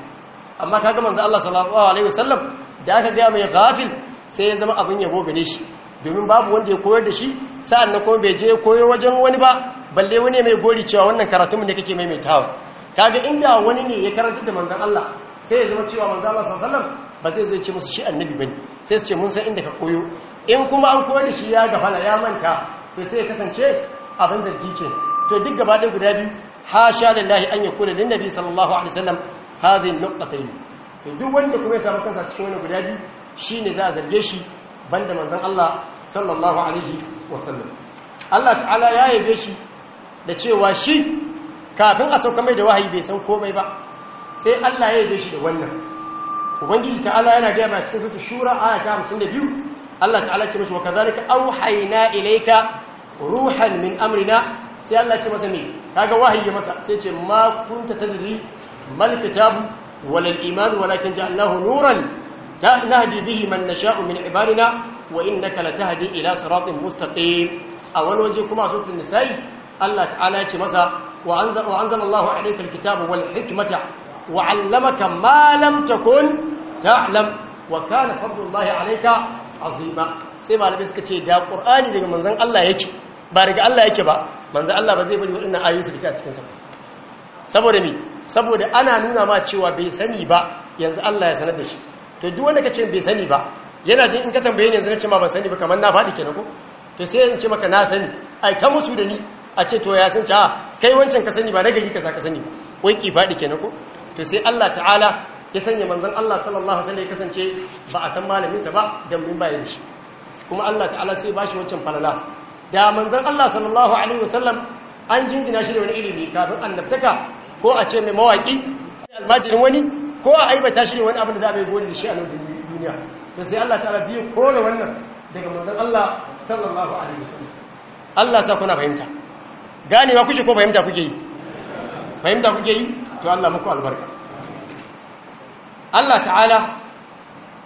amma kaga manzo Allah sallallahu alaihi wasallam da aka ga mai ghafil sai ya zama abin yabo gare shi domin babu wanda ya koyar da shi sa'an na kuma bai je koyo wajen wani ba balle wani mai gori cewa wannan karatun ne kake maimaitawa kaga inda wani ne ya karanta da manzon Allah sai ya zama cewa manzon Allah sallallahu alaihi wasallam ba zai zo ya ce musu shi annabi bane sai su ce mun san inda ka koyo in kuma an koyar da shi ya gafala ya manta to sai ya kasance abin zargi ce to duk gaba da guda biyu ha sha lillahi an yakuna lin nabi sallallahu alaihi wasallam hadhihi nuqtatayn to duk wanda kuma ya samu kansa cikin wani guda biyu shine za a zarge shi banda manzon Allah sallallahu alaihi wasallam Allah ta'ala ya yabe shi da cewa shi kafin a sauka mai da wahayi bai san komai ba sai Allah ya yabe shi da wannan ubangiji ta'ala yana ga ma cikin sura shura hamsin ta 52 Allah ta'ala ce mishi wa kadhalika auhayna ilayka ruhan min amrina sai Allah ce masa ne kaga wahayi masa sai ce ma kunta tadri mal kitabu wal iman walakin ja'alnahu nuran nahdi bihi man nasha'u min ibadina wa innaka latahdi ila siratin mustaqim a wani waje kuma a nisa'i Allah ta'ala ce masa وأنزل, الله عليك الكتاب والحكمة وعلمك ما لم تكن تعلم وكان فضل الله عليك عظيما سيما لبس كتير دا قرآن من ذنب الله يكي بارك الله يكي با من ذنب الله بزيب bari waɗannan آيوس su fita a cikin sa saboda me أنا نونا ما تشوى cewa با ينزل الله yanzu Allah ya sanar da shi to yana jin in ka tambaye ni yanzu na ce ma ban sani ba kamar na faɗi kenan ko to sai in ce maka na sani ai ta musu da ni a ce to ya san ci a ah, kai wancan ka sani ba na gari kaza ka sani ba wai ki faɗi kenan ko to sai Allah ta'ala ya sanya manzan Allah sallallahu alaihi wasallam ya kasance ba a san malaminsa sa ba dan mun bayan shi kuma Allah ta'ala sai ba shi wancan falala da manzan Allah sallallahu alaihi wasallam an jingina shi da wani ilimi kafin annabtaka ko a ce mai mawaki almajirin wani ko a aibata shi wani abin da za a bai gode da shi a lokacin duniya to sai Allah ta'ala biyu kore wannan daga manzan Allah sallallahu alaihi wasallam Allah sa kuna fahimta ganewa kuke ko fahimta kuke yi fahimta kuke yi to Allah muku albarka Allah ta'ala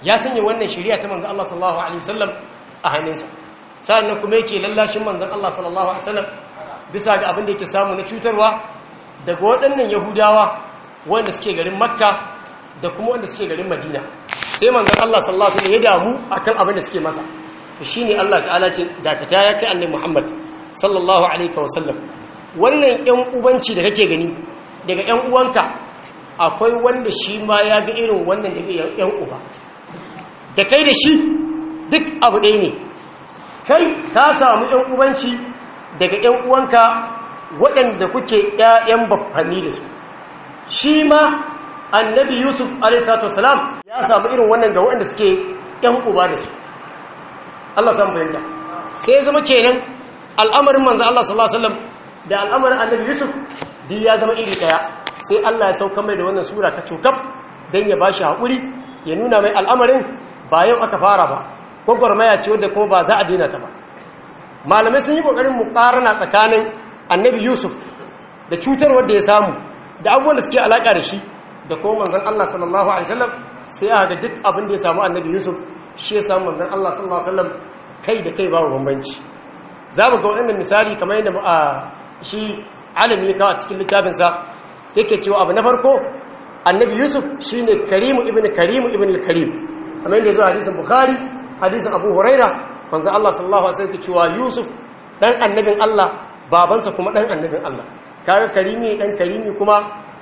ya sanya wannan shari'a ta manzo Allah sallallahu alaihi wasallam a hannunsa sannan kuma yake lallashin manzo Allah sallallahu alaihi wasallam bisa ga abin da yake samu na cutarwa daga waɗannan Yahudawa wanda suke garin Makka da kuma wanda suke garin Madina sai manzo Allah sallallahu alaihi wasallam ya damu akan abin da suke masa shine Allah ta'ala ce dakata ya kai annabi Muhammad sallallahu alaihi wasallam wannan yan ubanci da kake gani daga yan uwanka akwai wanda shi ma ya ga irin wannan daga yan uba da kai da shi duk abu ɗaya ne kai ka samu yan ubanci daga yan uwanka waɗanda kuke ƴaƴan baffani da su shi ma annabi yusuf Salam ya samu irin wannan ga waɗanda suke ‘yan uba da su Allah samu fahimta sai zama kenan al'amarin manzan Allah sallallahu alaihi da al'amarin annabi Yusuf duk ya zama iri daya sai Allah ya sauka mai da wannan sura ta cokaf don ya ba shi haƙuri ya nuna mai al'amarin ba yau aka fara ba gwagwarmaya ce wadda kuma ba za a daina ta ba malamai sun yi ƙoƙarin muƙarana tsakanin annabi Yusuf da cutar wadda ya samu da abubuwan da suke alaƙa da shi da kuma manzan Allah sallallahu alaihi wasallam sai ga duk abin da ya samu annabi Yusuf shi ya samu manzan Allah sallallahu alaihi wasallam kai da kai babu bambanci za mu ga wannan misali kamar yadda a shi alimi ya kawo a cikin littafinsa yake cewa abu na farko annabi yusuf shi ne karimu ibn karimu ibn karim kamar yadda zuwa hadisin bukhari hadisin abu huraira manzo allah sallallahu alaihi wasallam cewa yusuf dan annabin allah babansa kuma dan annabin allah kaga karimi dan karimi kuma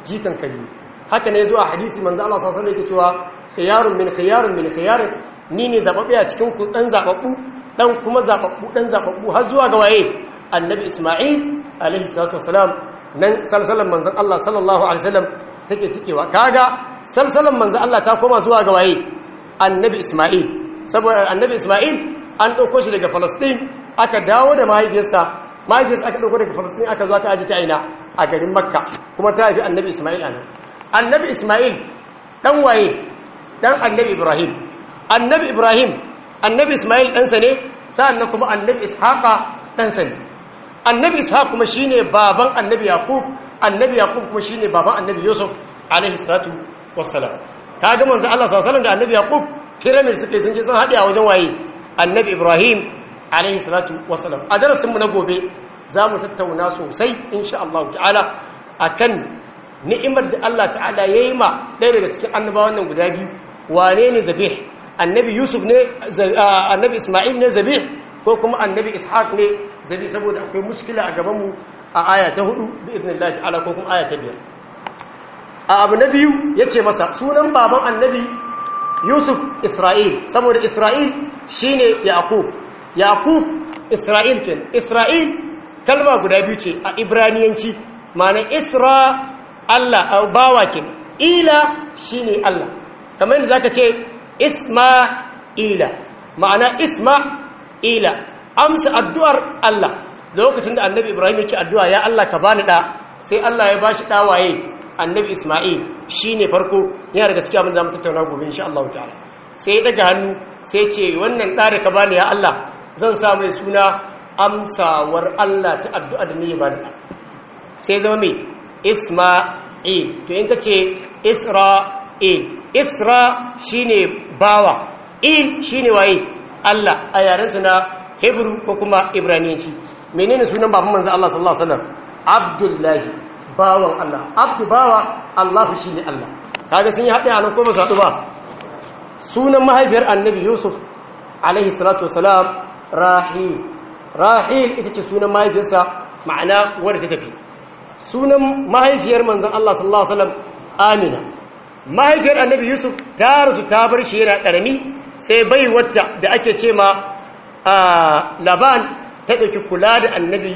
jikan karimi haka ne zuwa hadisi manzo allah sallallahu alaihi wasallam yake cewa khiyarun min khiyarun min khiyar ni ne zababbe a cikin ku dan zababbu dan kuma zababbu dan zababbu har zuwa ga waye annabi isma'il alaihi salatu wasalam nan salsalan manzon Allah sallallahu alaihi wasallam take cikewa kaga salsalan manzon Allah ta koma zuwa ga waye annabi isma'il saboda annabi isma'il an dauko shi daga Palestine aka dawo da mahaifiyarsa mahaifiyarsa aka ɗauko daga falastin aka zo aka aje ta aina a garin makka kuma ta haifi annabi ismail a nan annabi ismail ɗan waye ɗan annabi ibrahim annabi ibrahim annabi ismail ɗansa ne sa'annan kuma annabi ishaqa ɗansa ne annabi ishaq kuma ne baban annabi yaqub annabi yaqub kuma ne baban annabi yusuf alaihi wassalam ta ga manzo Allah sallallahu da annabi yaqub pyramid suke sun ce sun haɗe a wajen waye annabi ibrahim wassalam a darasin mu na gobe za mu tattauna sosai insha Allah ta'ala akan ni'imar da Allah ta'ala ya yi ma ɗaya daga cikin annabawan nan guda biyu wane ne zabih annabi yusuf ne annabi isma'il ne zabi ko kuma annabi ishaq ne zabi saboda akwai mushkila a gabanmu a aya ta hudu bi iznillah ta'ala ko kuma aya ta biyar a abu na biyu ce masa sunan baban annabi yusuf isra'il saboda isra'il shine yaqub yaqub isra'il ken isra'il kalma guda biyu ce a ibraniyanci ma'ana isra Allah bawa ken ila shine Allah kamar yadda zaka ce Isma'ila ma'ana Isma'ila amsa addu'ar Allah lokacin da annabi Ibrahim yake addu'a ya Allah ka bani da sai Allah ya bashi dawaye annabi Isma'il shine farko yana riga cikin abin da mu tattauna gobe insha Allah ta'ala sai daga hannu sai ce wannan dare ka bani ya Allah zan sa mai suna amsawar Allah ta addu'a da niyi bani da. sai zama mai Isma'il to in ka ce Isra'il Isra shine bawa i e, shine waye Allah a yaren su na Hebrew ko kuma Ibraniyanci menene sunan baban manzo Allah sallallahu alaihi wasallam Abdullahi bawan Allah abdu bawa Allah shine Allah kaga sun yi haɗe a nan ko ba su haɗu ba sunan mahaifiyar annabi Yusuf alaihi salatu wasalam rahil rahil ita ce sunan mahaifinsa ma'ana wadda ta tafi sunan mahaifiyar manzon Allah sallallahu alaihi wasallam amina mahaifiyar annabi yusuf ta rasu ta bar shi yana ƙarami sai bai wata da ake ce ma laban ta ɗauki kula da annabi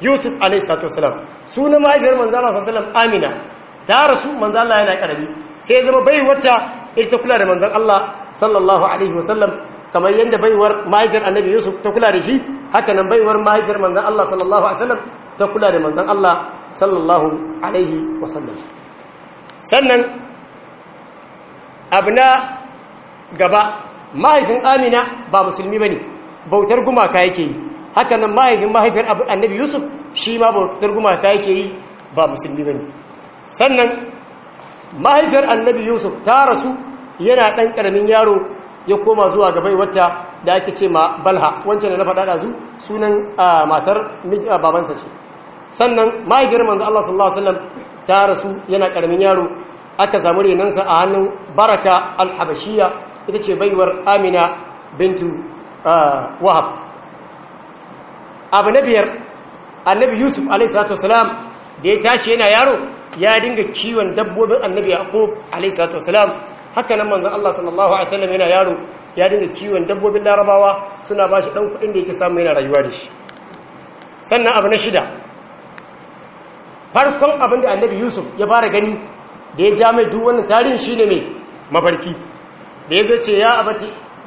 yusuf a.s.w. suna mahaifiyar manzana s.a.w. amina ta rasu manzana yana ƙarami sai zama bai wata ita kula da manzan allah sallallahu alaihi wasallam kamar yadda baiwar mahaifiyar annabi yusuf ta kula da shi haka nan baiwar mahaifiyar manzan allah sallallahu alaihi wasallam ta kula da manzan allah sallallahu alaihi wasallam sannan abu gaba mahaifin amina ba musulmi ba ne bautar gumaka yake yi haka nan mahaifin mahaifin annabi yusuf shi ma bautar gumaka yake yi ba musulmi ba ne sannan mahaifiyar annabi yusuf ta rasu yana ɗan ƙaramin yaro ya koma zuwa gabai wata da ake ce ma balha wancan da na faɗa ɗazu sunan matar babansa ce sannan mahaifiyar manzu Allah sallallahu alaihi ta rasu yana ƙaramin yaro aka samu renansa a hannun baraka alhabashiya ita ce baiwar amina bintu ah, wahab abu na biyar annabi yusuf a.s. da ya tashi yana yaro ya dinga kiwon dabbobin annabi yaqub alaihissalatu haka nan manzon Allah sallallahu alaihi yana yaro ya dinga kiwon dabbobin larabawa suna ba shi dan kuɗin da yake samu yana rayuwa da shi sannan abu na shida farkon abin da annabi yusuf ya fara gani da ya ja mai duk wannan tarihin shi ne mafarki da ya zace ya abati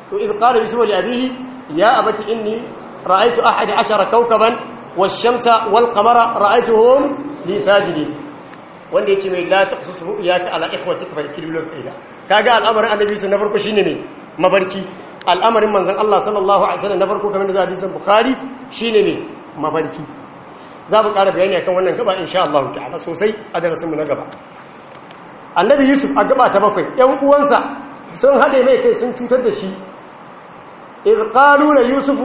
to idh qala yusuf li abihi ya abati inni ra'aytu ahad ashara kawkaban wash-shamsa wal-qamara ra'aytuhum li sajidin wanda yace mai la taqsus ru'yaka ala ikhwatik fa kirilun ila kaga al'amarin annabi sun na farko shine ne mafarki al'amarin manzon Allah sallallahu alaihi wasallam na farko kamar da hadisin bukhari shine ne mafarki za mu ƙara bayani akan wannan gaba insha Allah ta'ala sosai a mu na gaba annabi yusuf a gaba ta bakwai yan uwansa sun haɗe mai kai sun cutar da shi yusufu a yusuf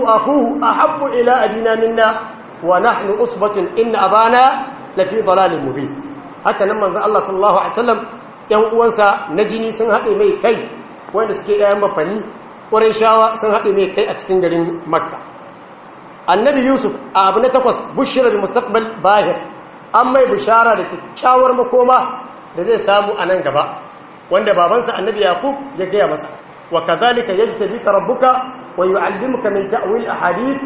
a haɓu ila dina minna wa nahnu usbatun inna abana lafi dalalin mubin haka nan manzon Allah sallallahu alaihi wasallam yan uwansa na jini sun haɗe mai kai wanda suke ɗayan mafani. ƙurin shawa sun haɗe mai kai a cikin garin makka annabi yusuf a abu na takwas bushirar mustaqbal bahir an mai bishara da kyakkyawar makoma da zai samu a nan gaba wanda babansa annabi yaqub ya gaya masa wa kadhalika yajtabika rabbuka wa yu'allimuka min ta'wil ahadith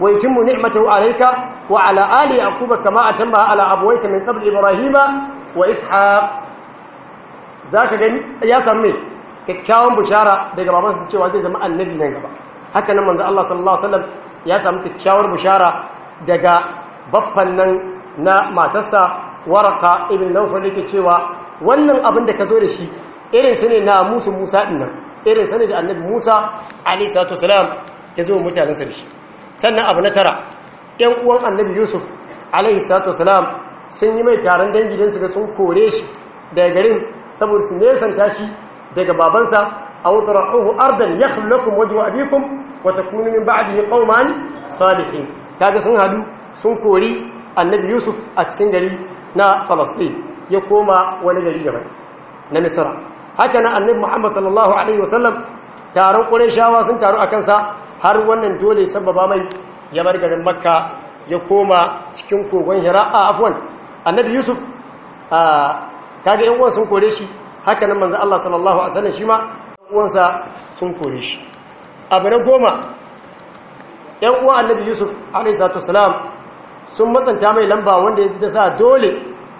wa yutimmu ni'matahu 'alayka wa 'ala ali yaquba kama atamma 'ala abawayka min qabl ibrahima wa ishaq zaka gani ya samu kyakkyawan bushara daga babansa cewa zai zama annabi nan gaba haka nan manzo Allah sallallahu alaihi wasallam ya samu kyakkyawar bushara daga baffan nan na matarsa waraka ibn nawfal yake cewa wannan abin da ka zo da shi irin su ne na musu musa din nan irin su ne da annabi musa alayhi salatu wasalam ya zo mutanen sa da shi sannan abu na tara ɗan uwan annabi yusuf alayhi salatu wasalam sun yi mai taron dangi don su ga sun kore shi daga garin saboda su nesanta shi daga babansa aw tarahuhu ardan yakhl lakum wajhu abikum wa takunu min ba'dihi qauman salihin kaga sun hadu sun kori annabi yusuf a cikin gari na falastin ya koma wani gari daban na Misira, haka na annabi muhammad sallallahu alaihi wasallam taron ƙureshawa sun taru a kansa har wannan dole sababa mai ya bar garin makka ya koma cikin kogon hira a afwan annabi yusuf kaga yan uwan sun kore shi haka nan manzo Allah sallallahu alaihi wasallam shi ma uwan sa sun kore shi abu na goma yan uwan annabi yusuf alaihi salatu wasalam sun matsanta mai lamba wanda ya ta sa dole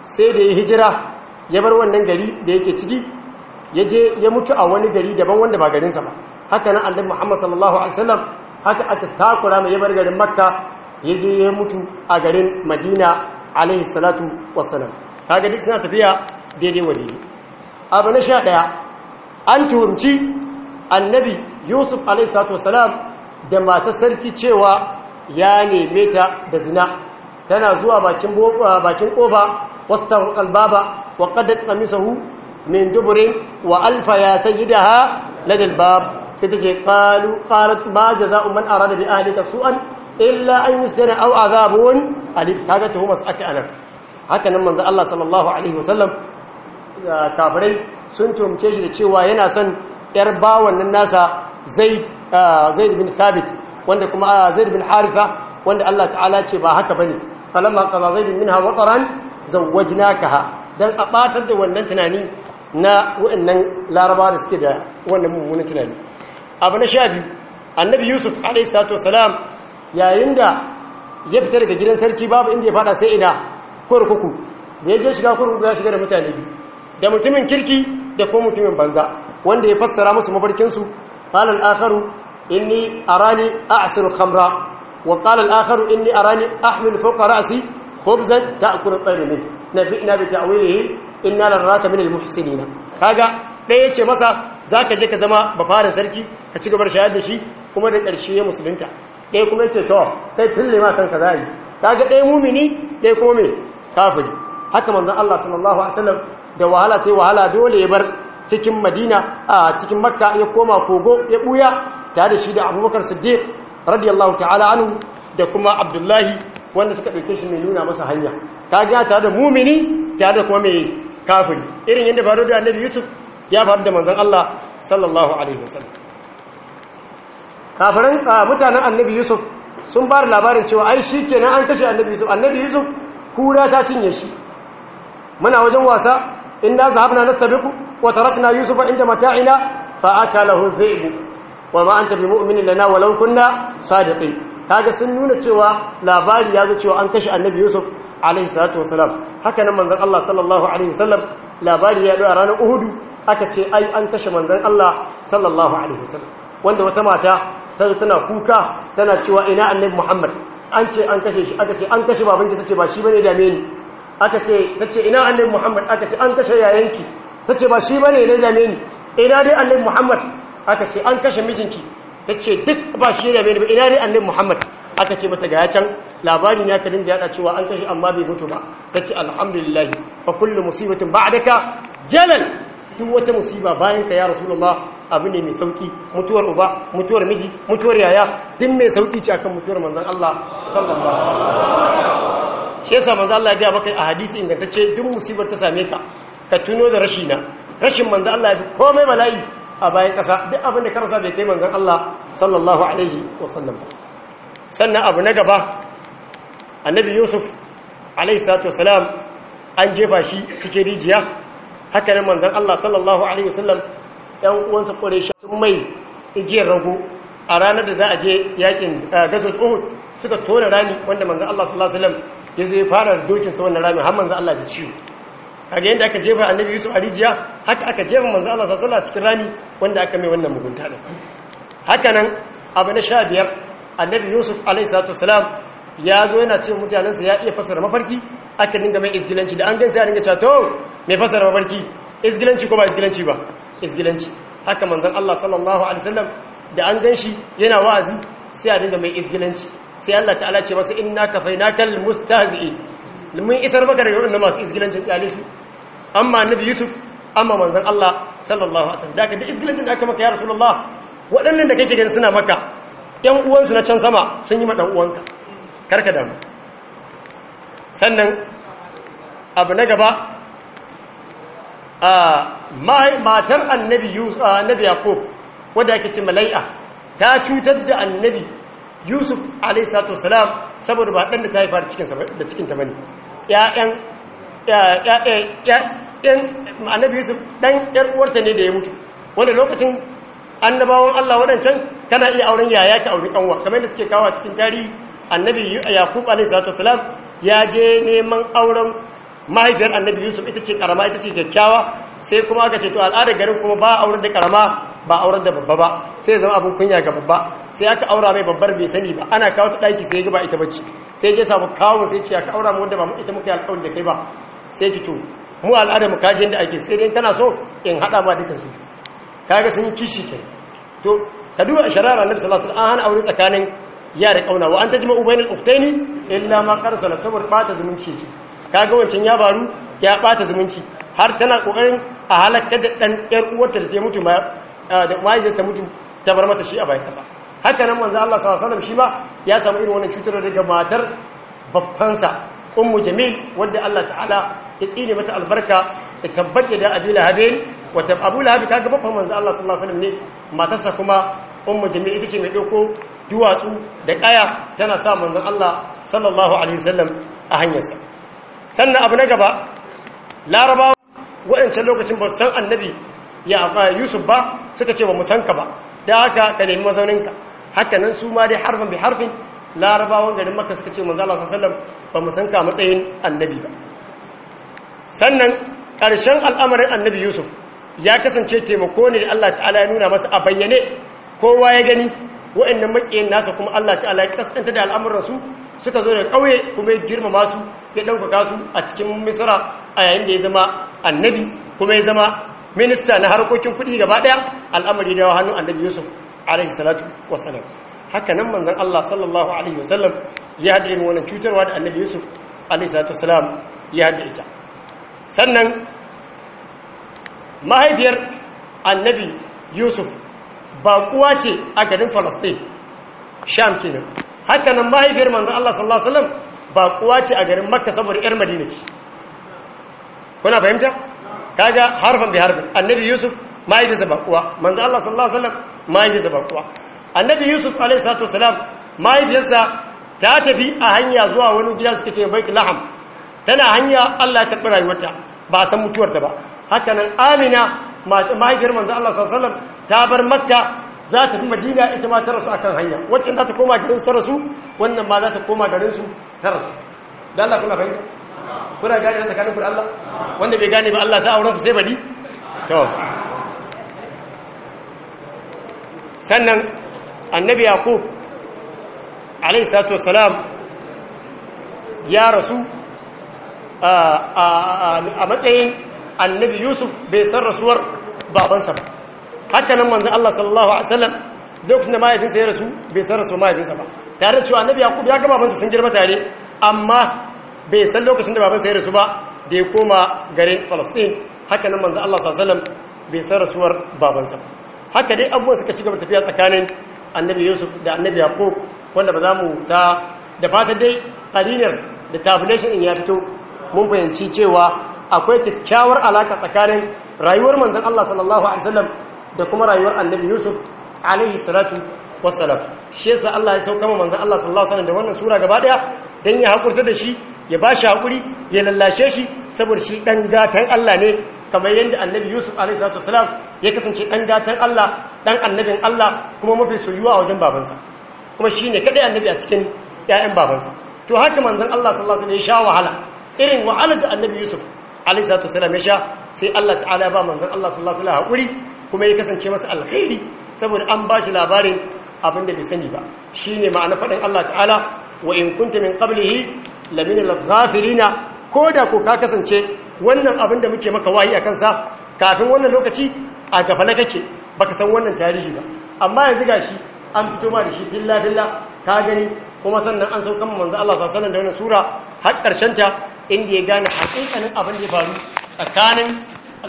sai da ya hijira ya bar wannan gari da yake ciki ya je ya mutu a wani gari daban wanda ba garinsa ba haka nan annabi Muhammad sallallahu alaihi haka aka takura mai ya bar garin Makka ya je ya mutu a garin Madina alaihi salatu wassalam kaga duk suna tafiya daidai wani abu na sha ɗaya an tuhumci annabi Yusuf alaihi salatu wassalam da matar sarki cewa ya neme ta da zina tana zuwa bakin bakin kofa wastar kalbaba wa qaddat qamisahu min dubrin wa alfa ya sayyidaha ladal bab sai tace qalu qalat ma jazaa'u man arada bi ahlika su'an illa an yusjana aw azabun alim kaga tuhumas aka anan haka nan manzo Allah sallallahu alaihi wasallam kafirai sun tumce shi da cewa yana son yar bawan nan nasa zaid zaid bin thabit wanda kuma zaid bin harifa wanda Allah ta'ala ce ba haka bane falamma qada zaidun minha wataran zawwajnakaha dan a batar da wannan tunani na waɗannan laraba da suke da wannan mummunan tunani abu na sha annabi yusuf alaihi salatu wasalam yayin da ya fita daga gidan sarki babu inda ya fada sai ina kurkuku da ya je shiga kurkuku ya shiga da mutane biyu da mutumin kirki da kuma mutumin banza wanda ya fassara musu mafarkinsu halal akharu inni arani a'siru khamra وقال الآخر إني أراني أحمل فوق رأسي خبزا تأكل الطير منه نبئنا بتأويله إنا لنراك من المحسنين هذا ɗaya ce masa za ka je ka zama bafarin sarki ka ci gabar shayar da shi kuma da ƙarshe ya musulunta ɗaya kuma ce to kai fille ma kanka za yi ta ga ɗaya mumini ɗaya kuma mai kafin haka manzan Allah sallallahu Alaihi wasallam da wahala ta yi wahala dole ya bar cikin madina a cikin makka ya koma kogo ya buya tare da shi da abubakar siddiq radiyallahu ta'ala anhu da kuma abdullahi wanda suka ɗauke shi mai nuna masa hanya ta ga tare da mumini tare da kuma mai kafin. irin yadda faru da annabi yusuf ya faru da manzan allah sallallahu alaihi wasallam kafirin mutanen annabi yusuf sun ba labarin cewa ai shi kenan an kashe annabi yusuf annabi yusuf kura ta cinye shi muna wajen wasa inda zahabna nastabiqu wa tarakna yusufa inda mata'ina fa akalahu dhi'bu wa ma anta bi mu'minin lana walau kunna sadiqin kaga sun nuna cewa labari ya zo cewa an kashe annabi yusuf alaihi salatu wasalam haka nan manzon Allah sallallahu alaihi wasallam labari ya zo a ranar uhudu aka ce ai an kashe manzon Allah sallallahu alaihi wasallam wanda wata mata ta tana kuka tana cewa ina annabi Muhammad an ce an kashe shi aka ce an kashe babanki tace ba shi bane dame ni aka ce tace ina annabi Muhammad aka ce an kashe yayanki tace ba shi bane ne dame ni ina dai annabi Muhammad aka ce an kashe mijinki ta ce duk ba shi ne mai ina ne annin muhammad aka ce mata gaya can labari ne aka dinga yada cewa an kashe amma bai mutu ba ta ce alhamdulillah fa kullu musibatin ba'daka jalal duk wata musiba bayan ka ya rasulullah abu ne mai sauki mutuwar uba mutuwar miji mutuwar yaya duk mai sauki ce akan mutuwar manzan Allah sallallahu alaihi wasallam shi yasa manzon Allah ya ga a hadisi ingantacce duk musibar ta same ka ka tuno da rashina rashin manzon Allah ya fi komai mala'i a bayan ƙasa duk abin da karsa bai kai manzan Allah sallallahu alaihi wasallam ba sannan abu na gaba annabi yusuf alaihi salatu wasalam an jefa shi cike rijiya haka nan manzan Allah sallallahu alaihi wasallam ɗan uwansa ƙwarai sun mai igiyar rago a ranar da za a je yakin gazot uhud suka tona rami wanda manzan Allah sallallahu alaihi wasallam ya zai fara dokinsa wannan rami har manzan Allah da ciwo kaga yadda aka jefa annabi yusuf a rijiya haka aka jefa manzo Allah sallallahu cikin rani wanda aka mai wannan mugunta din haka nan abu na sha biyar annabi yusuf alaihi salatu wasalam ya zo yana cewa mutanansa ya iya fasara mafarki aka dinga mai isgilanci da an sai ya dinga cewa to mai fasara mafarki isgilanci ko ba isgilanci ba isgilanci haka manzo Allah sallallahu alaihi wasallam da an ganshi yana wa'azi sai a dinga mai isgilanci sai Allah ta'ala ce masa inna kal mustahzi'in mun isar maka daga wannan masu izgilancin kyale su amma annabi yusuf amma manzon Allah sallallahu alaihi wasallam da ka da izgilancin da aka maka ya rasulullah waɗannan da kake gani suna maka ƴan uwansu na can sama sun yi ma ɗan uwanka karka damu sannan abu na gaba matar annabi yusuf annabi yakub wadda yake ce malai'a ta cutar da annabi yusuf alaihissalatu salam saboda ba ɗan da ta haifar da cikin ta bane ya'yan annabi yusuf ɗan ƴar uwarta ne da ya mutu wanda lokacin annabawan allah waɗancan tana iya auren yaya ka auri kanwa kamar da suke kawo cikin tarihi annabi yakub alaihissalatu ya je neman auren mahaifiyar annabi yusuf ita ce karama ita ce kyakkyawa sai kuma aka ce to al'adar garin kuma ba auren da ƙarama. ba auren da babba ba sai zama abin kunya ga babba sai aka aura mai babbar bai sani ba ana kawo ta daki sai ya ba ita bace sai ya samu kawo sai ce aka aura mu wanda ba mu ita muka yi alƙawarin da kai ba sai ki to mu al'ada mu kaje da ake sai dai kana so in hada ba dukan su kaga sun kishi kai to ka duba sharara annabi sallallahu alaihi wasallam an hana aure tsakanin ya da kauna wa an tajma ubainal uftaini illa ma qarsa saboda bata zumunci kaga wancan ya baru ya bata zumunci har tana kokarin a halakar da dan yar uwarta da ta mutu da ta mutu ta bar mata shi a bayan kasa haka nan manzo Allah sallallahu alaihi wasallam shi ma ya samu irin wannan cutar daga matar babbansa ummu jamil wadda Allah ta'ala ya tsine mata albarka ta tabbake da abila habil wata abu lahabi kaga babban manzo Allah sallallahu alaihi wasallam ne matarsa kuma ummu jamil ita ce mai dauko duwatsu da kaya tana sa manzo Allah sallallahu alaihi wasallam a hanyarsa sannan abu na gaba larabawa waɗancan lokacin ba san annabi ya yusuf ba suka ce ba mu san ka ba da haka ka nemi mazauninka haka nan su ma dai harfin bi harfin larabawan garin maka suka ce manzo ba mu san ka matsayin annabi ba sannan ƙarshen al'amarin annabi yusuf ya kasance taimako ne da Allah ta'ala ya nuna masa a bayyane kowa ya gani waɗannan maƙiyin nasa kuma Allah ta'ala ya kasanta da al'amuransu suka zo da ƙauye kuma ya girmama su ya ɗaukaka su a cikin misira a yayin da ya zama annabi kuma ya zama minista na harkokin kuɗi gaba ɗaya al'amari da hannun annabi yusuf alaihi salatu wasalam haka nan manzon allah sallallahu alaihi wasallam ya haɗe mu wannan cutarwa da annabi yusuf alaihi salatu wasalam ya haɗe ita sannan mahaifiyar annabi yusuf ba baƙuwa ce a garin falastin sham kenan haka nan mahaifiyar manzon allah sallallahu alaihi wasallam baƙuwa ce a garin makka saboda 'yar madina ce kuna fahimta kaga harfan bi harfin annabi yusuf mahaifinsa ba kuwa manzo Allah sallallahu alaihi wasallam mahaifinsa ba kuwa annabi yusuf alaihi salatu wasalam mahaifinsa ta tafi a hanya zuwa wani gida suka ce bait laham tana hanya Allah ya karbi rayuwarta ba san mutuwar ta ba haka nan amina mahaifiyar manzo Allah sallallahu alaihi wasallam ta bar makka za ta fi madina ita ma ta rasu akan hanya waccan za ta koma garin su ta rasu wannan ma za ta koma garin su ta rasu dan Allah kula fahimta kuna gane wa tsakanin kuri Allah wanda bai gane ba Allah sa aurensa sai bari to sannan annabi yaqub alayhi salatu wassalam ya rasu a a matsayin annabi yusuf bai san rasuwar babansa ba haka nan manzon Allah sallallahu alaihi wasallam lokacin da mahaifinsa ya rasu bai san rasuwar mahaifinsa ba tare da cewa annabi yaqub ya gama bansa sun girma tare amma bai san lokacin da babansa ya rasu ba da ya koma garin falastin haka nan manzo Allah sallallahu bai san rasuwar babansa haka dai abubuwan suka gaba tafiya tsakanin annabi yusuf da annabi yaqub wanda ba za mu da da fata dai qadinar da tabulation din ya fito mun fahimci cewa akwai kyakkyawar alaka tsakanin rayuwar manzon Allah sallallahu alaihi wasallam da kuma rayuwar annabi Yusuf alaihi salatu wassalam shi yasa Allah ya sauka ma manzon Allah sallallahu alaihi wasallam da wannan sura gaba daya dan ya hakurta da shi ya ba shi haƙuri ya lallashe shi saboda shi ɗan gatan Allah ne kamar yadda annabi yusuf a.s. ya kasance ɗan gatan Allah ɗan annabin Allah kuma mafi soyuwa a wajen babansa kuma shi ne kaɗai annabi a cikin ‘ya'yan babansa to haka manzan Allah sallallahu alaihi ya sha wahala irin wahalar da annabi yusuf a.s. ya sha sai Allah ta'ala ba manzan Allah sallallahu alaihi haƙuri kuma ya kasance masa alkhairi saboda an ba shi labarin abin da bai sani ba Shi ne ma'ana faɗin Allah ta'ala Wa'in kunta min qablihi lamin al-ghafilina koda ko ka kasance wannan abin da muke maka waye akan sa kafin wannan lokaci a gafala kake baka san wannan tarihi ba amma yanzu shi an fito ma da shi billa billa ka gani kuma sannan an saukan manzo Allah sallallahu alaihi wasallam da wannan sura har karshen ta inda ya gane hakikanin abin da ya faru tsakanin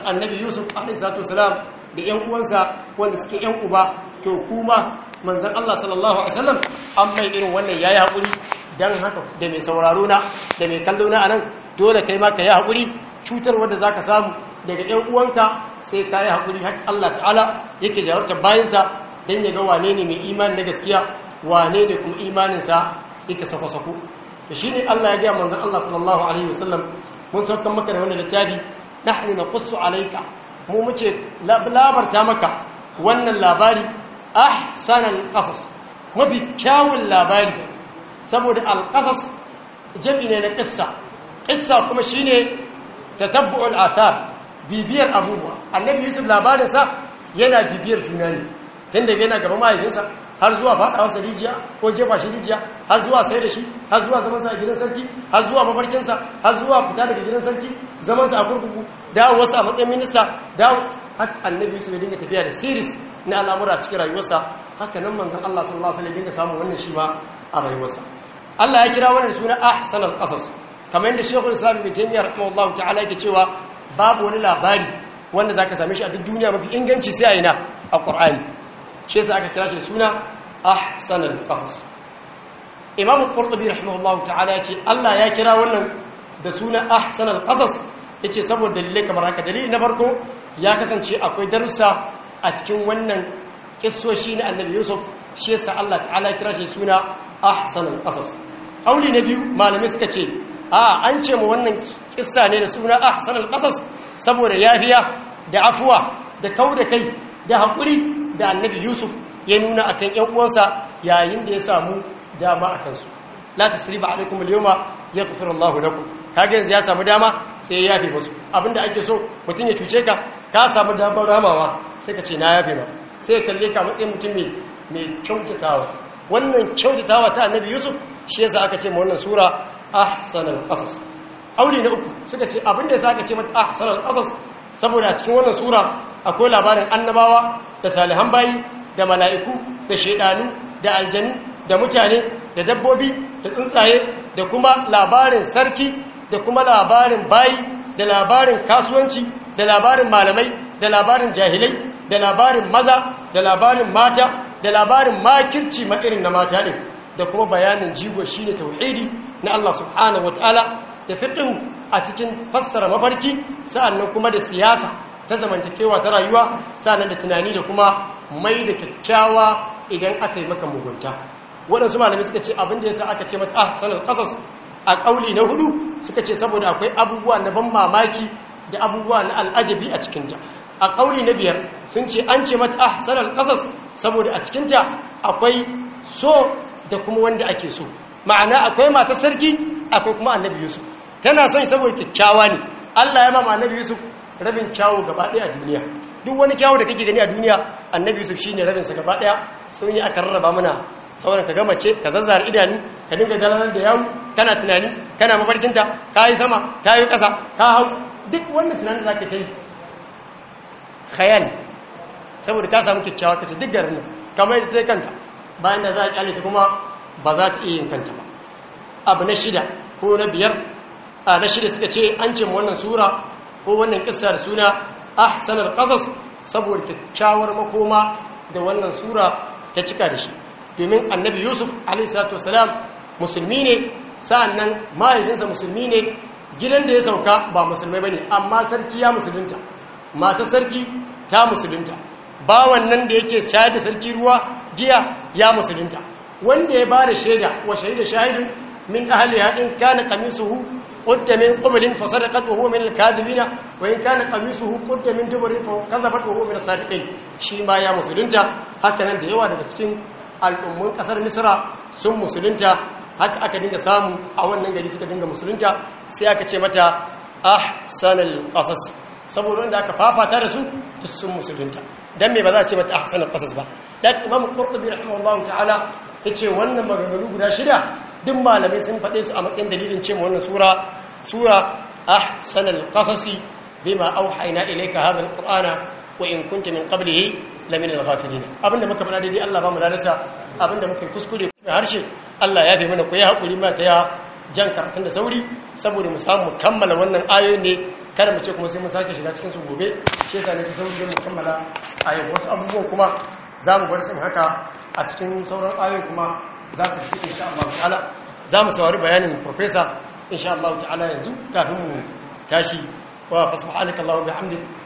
annabi Yusuf alaihi salatu wasalam da ƴan uwansa wanda suke ƴan uba to kuma manzan Allah sallallahu alaihi wasallam an mai irin wannan ya yi haƙuri dan haka da mai sauraro na da mai kallo na nan dole kai ma ka yi hakuri cutar wadda za ka samu daga ɗan uwanka sai ka yi haƙuri har Allah ta'ala yake jarabtar bayansa dan ya ga wane ne mai imani na gaskiya wane ne kuma imaninsa yake sako-sako da shi ne Allah ya gaya manzan Allah sallallahu Alaihi mun maka da littafi na na kusu alaika mu muke labarta maka wannan labari ahsanal qasas mafi kyawun labari saboda alƙasas jami ne na ƙissa ƙissa kuma shi ne ta athar bibiyar abubuwa annabi yusuf labarinsa yana bibiyar juna ne tun yana gaba mahaifinsa har zuwa faɗawarsa rijiya ko jefa shi rijiya har zuwa sai da shi har zuwa zamansa a gidan sarki har zuwa mafarkinsa har zuwa fita daga gidan sarki zamansa a kurkuku dawo wasu a matsayin minista dawo haka annabi yusuf ya dinga tafiya da siris na al'amura a cikin rayuwarsa haka nan manzon Allah sallallahu alaihi wasallam dinga samun wannan shi ma a rayuwarsa Allah ya kira wannan suna ahsanul qasas kamar yadda Sheikhul Islam Ibn Taymiyyah rahimahullahu ta'ala yake cewa babu wani labari wanda zaka same shi a duk duniya mafi inganci sai a ina a Qur'ani shi yasa aka kira shi da suna ahsanul qasas Imam Qurtubi rahimahullahu ta'ala ya ce Allah ya kira wannan da suna ahsanul qasas yace saboda dalilai kamar haka dalili na farko ya kasance akwai darussa a cikin wannan kissoshi na annabi yusuf shi yasa allah ta'ala kira shi suna ahsanul qasas auli na biyu malamai suka ce a an ce mu wannan kissa ne da suna ahsanul qasas saboda yafiya da afuwa da kauda kai da haƙuri da annabi yusuf ya nuna akan ƴan uwansa yayin da ya samu dama a kansu la tasriba alaikum al-yawma yaghfirullahu lakum kage yanzu ya samu dama sai ya yafe musu abinda ake so mutum ya cuce ka ka samu damar ramawa sai ka ce na yafe ba sai kalle ka matsayin mutum mai kyautatawa wannan kyautatawa ta annabi yusuf shi yasa aka ce ma wannan sura ahsanul qasas aure na uku suka ce abin da yasa aka ce mata ahsanul qasas saboda cikin wannan sura akwai labarin annabawa da salihan bayi da mala'iku da shaidanu da aljanu da mutane da dabbobi da tsuntsaye da kuma labarin sarki da kuma labarin bayi da labarin kasuwanci da labarin malamai da labarin jahilai da labarin maza da labarin mata da labarin makirci ma irin na mata ne da kuma bayanin jigo shi ne tauhidi na Allah subhanahu ta'ala da fiqhu a cikin fassara mafarki sa'annan kuma da siyasa ta zamantakewa ta rayuwa sa'annan da tunani da kuma mai da kyakkyawa idan aka yi maka mugunta waɗansu malami suka ce abin da yasa aka ce mata sanar qasas a ƙauli na hudu suka ce saboda akwai abubuwa na ban mamaki da abubuwa na al'ajabi a cikinta a ƙauri na biyar sun ce an ce mata ahsan al-qasas saboda a cikinta akwai so da kuma wanda ake so ma'ana akwai mata sarki akwai kuma annabi yusuf tana son saboda kyakkyawa ne Allah ya ba ma annabi yusuf rabin kyawu gaba ɗaya a duniya duk wani kyawu da kake gani a duniya annabi yusuf shine rabinsa gaba ɗaya sun yi aka rarraba mana sauran ka gama ce ka zazzara idanu ka dinga galanar da yawu kana tunani kana mafarkinta ka yi sama ka yi ƙasa ka hau duk wannan tunanin da zaka ta yi khayal saboda ka samu kyakkyawa kace duk garin kamar da ta kanta bayan da za a ta kuma ba za ta iya yin kanta ba abu na shida ko na biyar a na shida suka ce an ce wannan sura ko wannan kissa da suna ahsanar qasas saboda kyakkyawar makoma da wannan sura ta cika da shi domin annabi yusuf alaihi salatu wasalam musulmi ne sa'annan mahaifinsa musulmi ne gidan da ya sauka ba musulmai ne amma sarki ya musulunta mata sarki ta musulunta bawan nan da yake shayar da sarki ruwa giya ya musulunta wanda ya da shaida wa shaida shahidin min ahliha in kana qamisuhu qutta min qablin fa sadaqat wa huwa min al kadibina wa in kana qamisuhu qutta min dubrin fa kadhabat wa huwa min as-sadiqin shi ma ya musulunta haka nan da yawa daga cikin al'ummun kasar misra sun musulunta haka aka dinga samu a wannan gari suka dinga musulunta sai aka ce mata ahsanal qasas saboda wanda aka fafata da su sun musulunta dan me ba za a ce mata ahsanal qasas ba dan imam qurtubi rahimahullahu ta'ala yace wannan maganganu guda shida duk malamai sun faɗe su a matsayin dalilin cewa wannan sura sura ahsanal qasasi bima auhayna ilayka hadha alqur'ana wa in kunta min qablihi la min al-ghafilin abinda muka fada daidai Allah ba mu ladarsa abinda muka kuskure kuma harshe Allah ya fi mana ku ya hakuri ma ta ya jan karatun da sauri saboda mu samu kammala wannan ayoyin ne kada mu ce kuma sai mu sake shiga cikin su gobe shi yasa ne ta sauri mu kammala ayoyin wasu abubuwan kuma za mu bar sun haka a cikin sauran ayoyin kuma za su shi insha Allah ta'ala za mu saurari bayanin professor insha Allah ta'ala yanzu kafin mu tashi wa fasbahaka Allahu bihamdika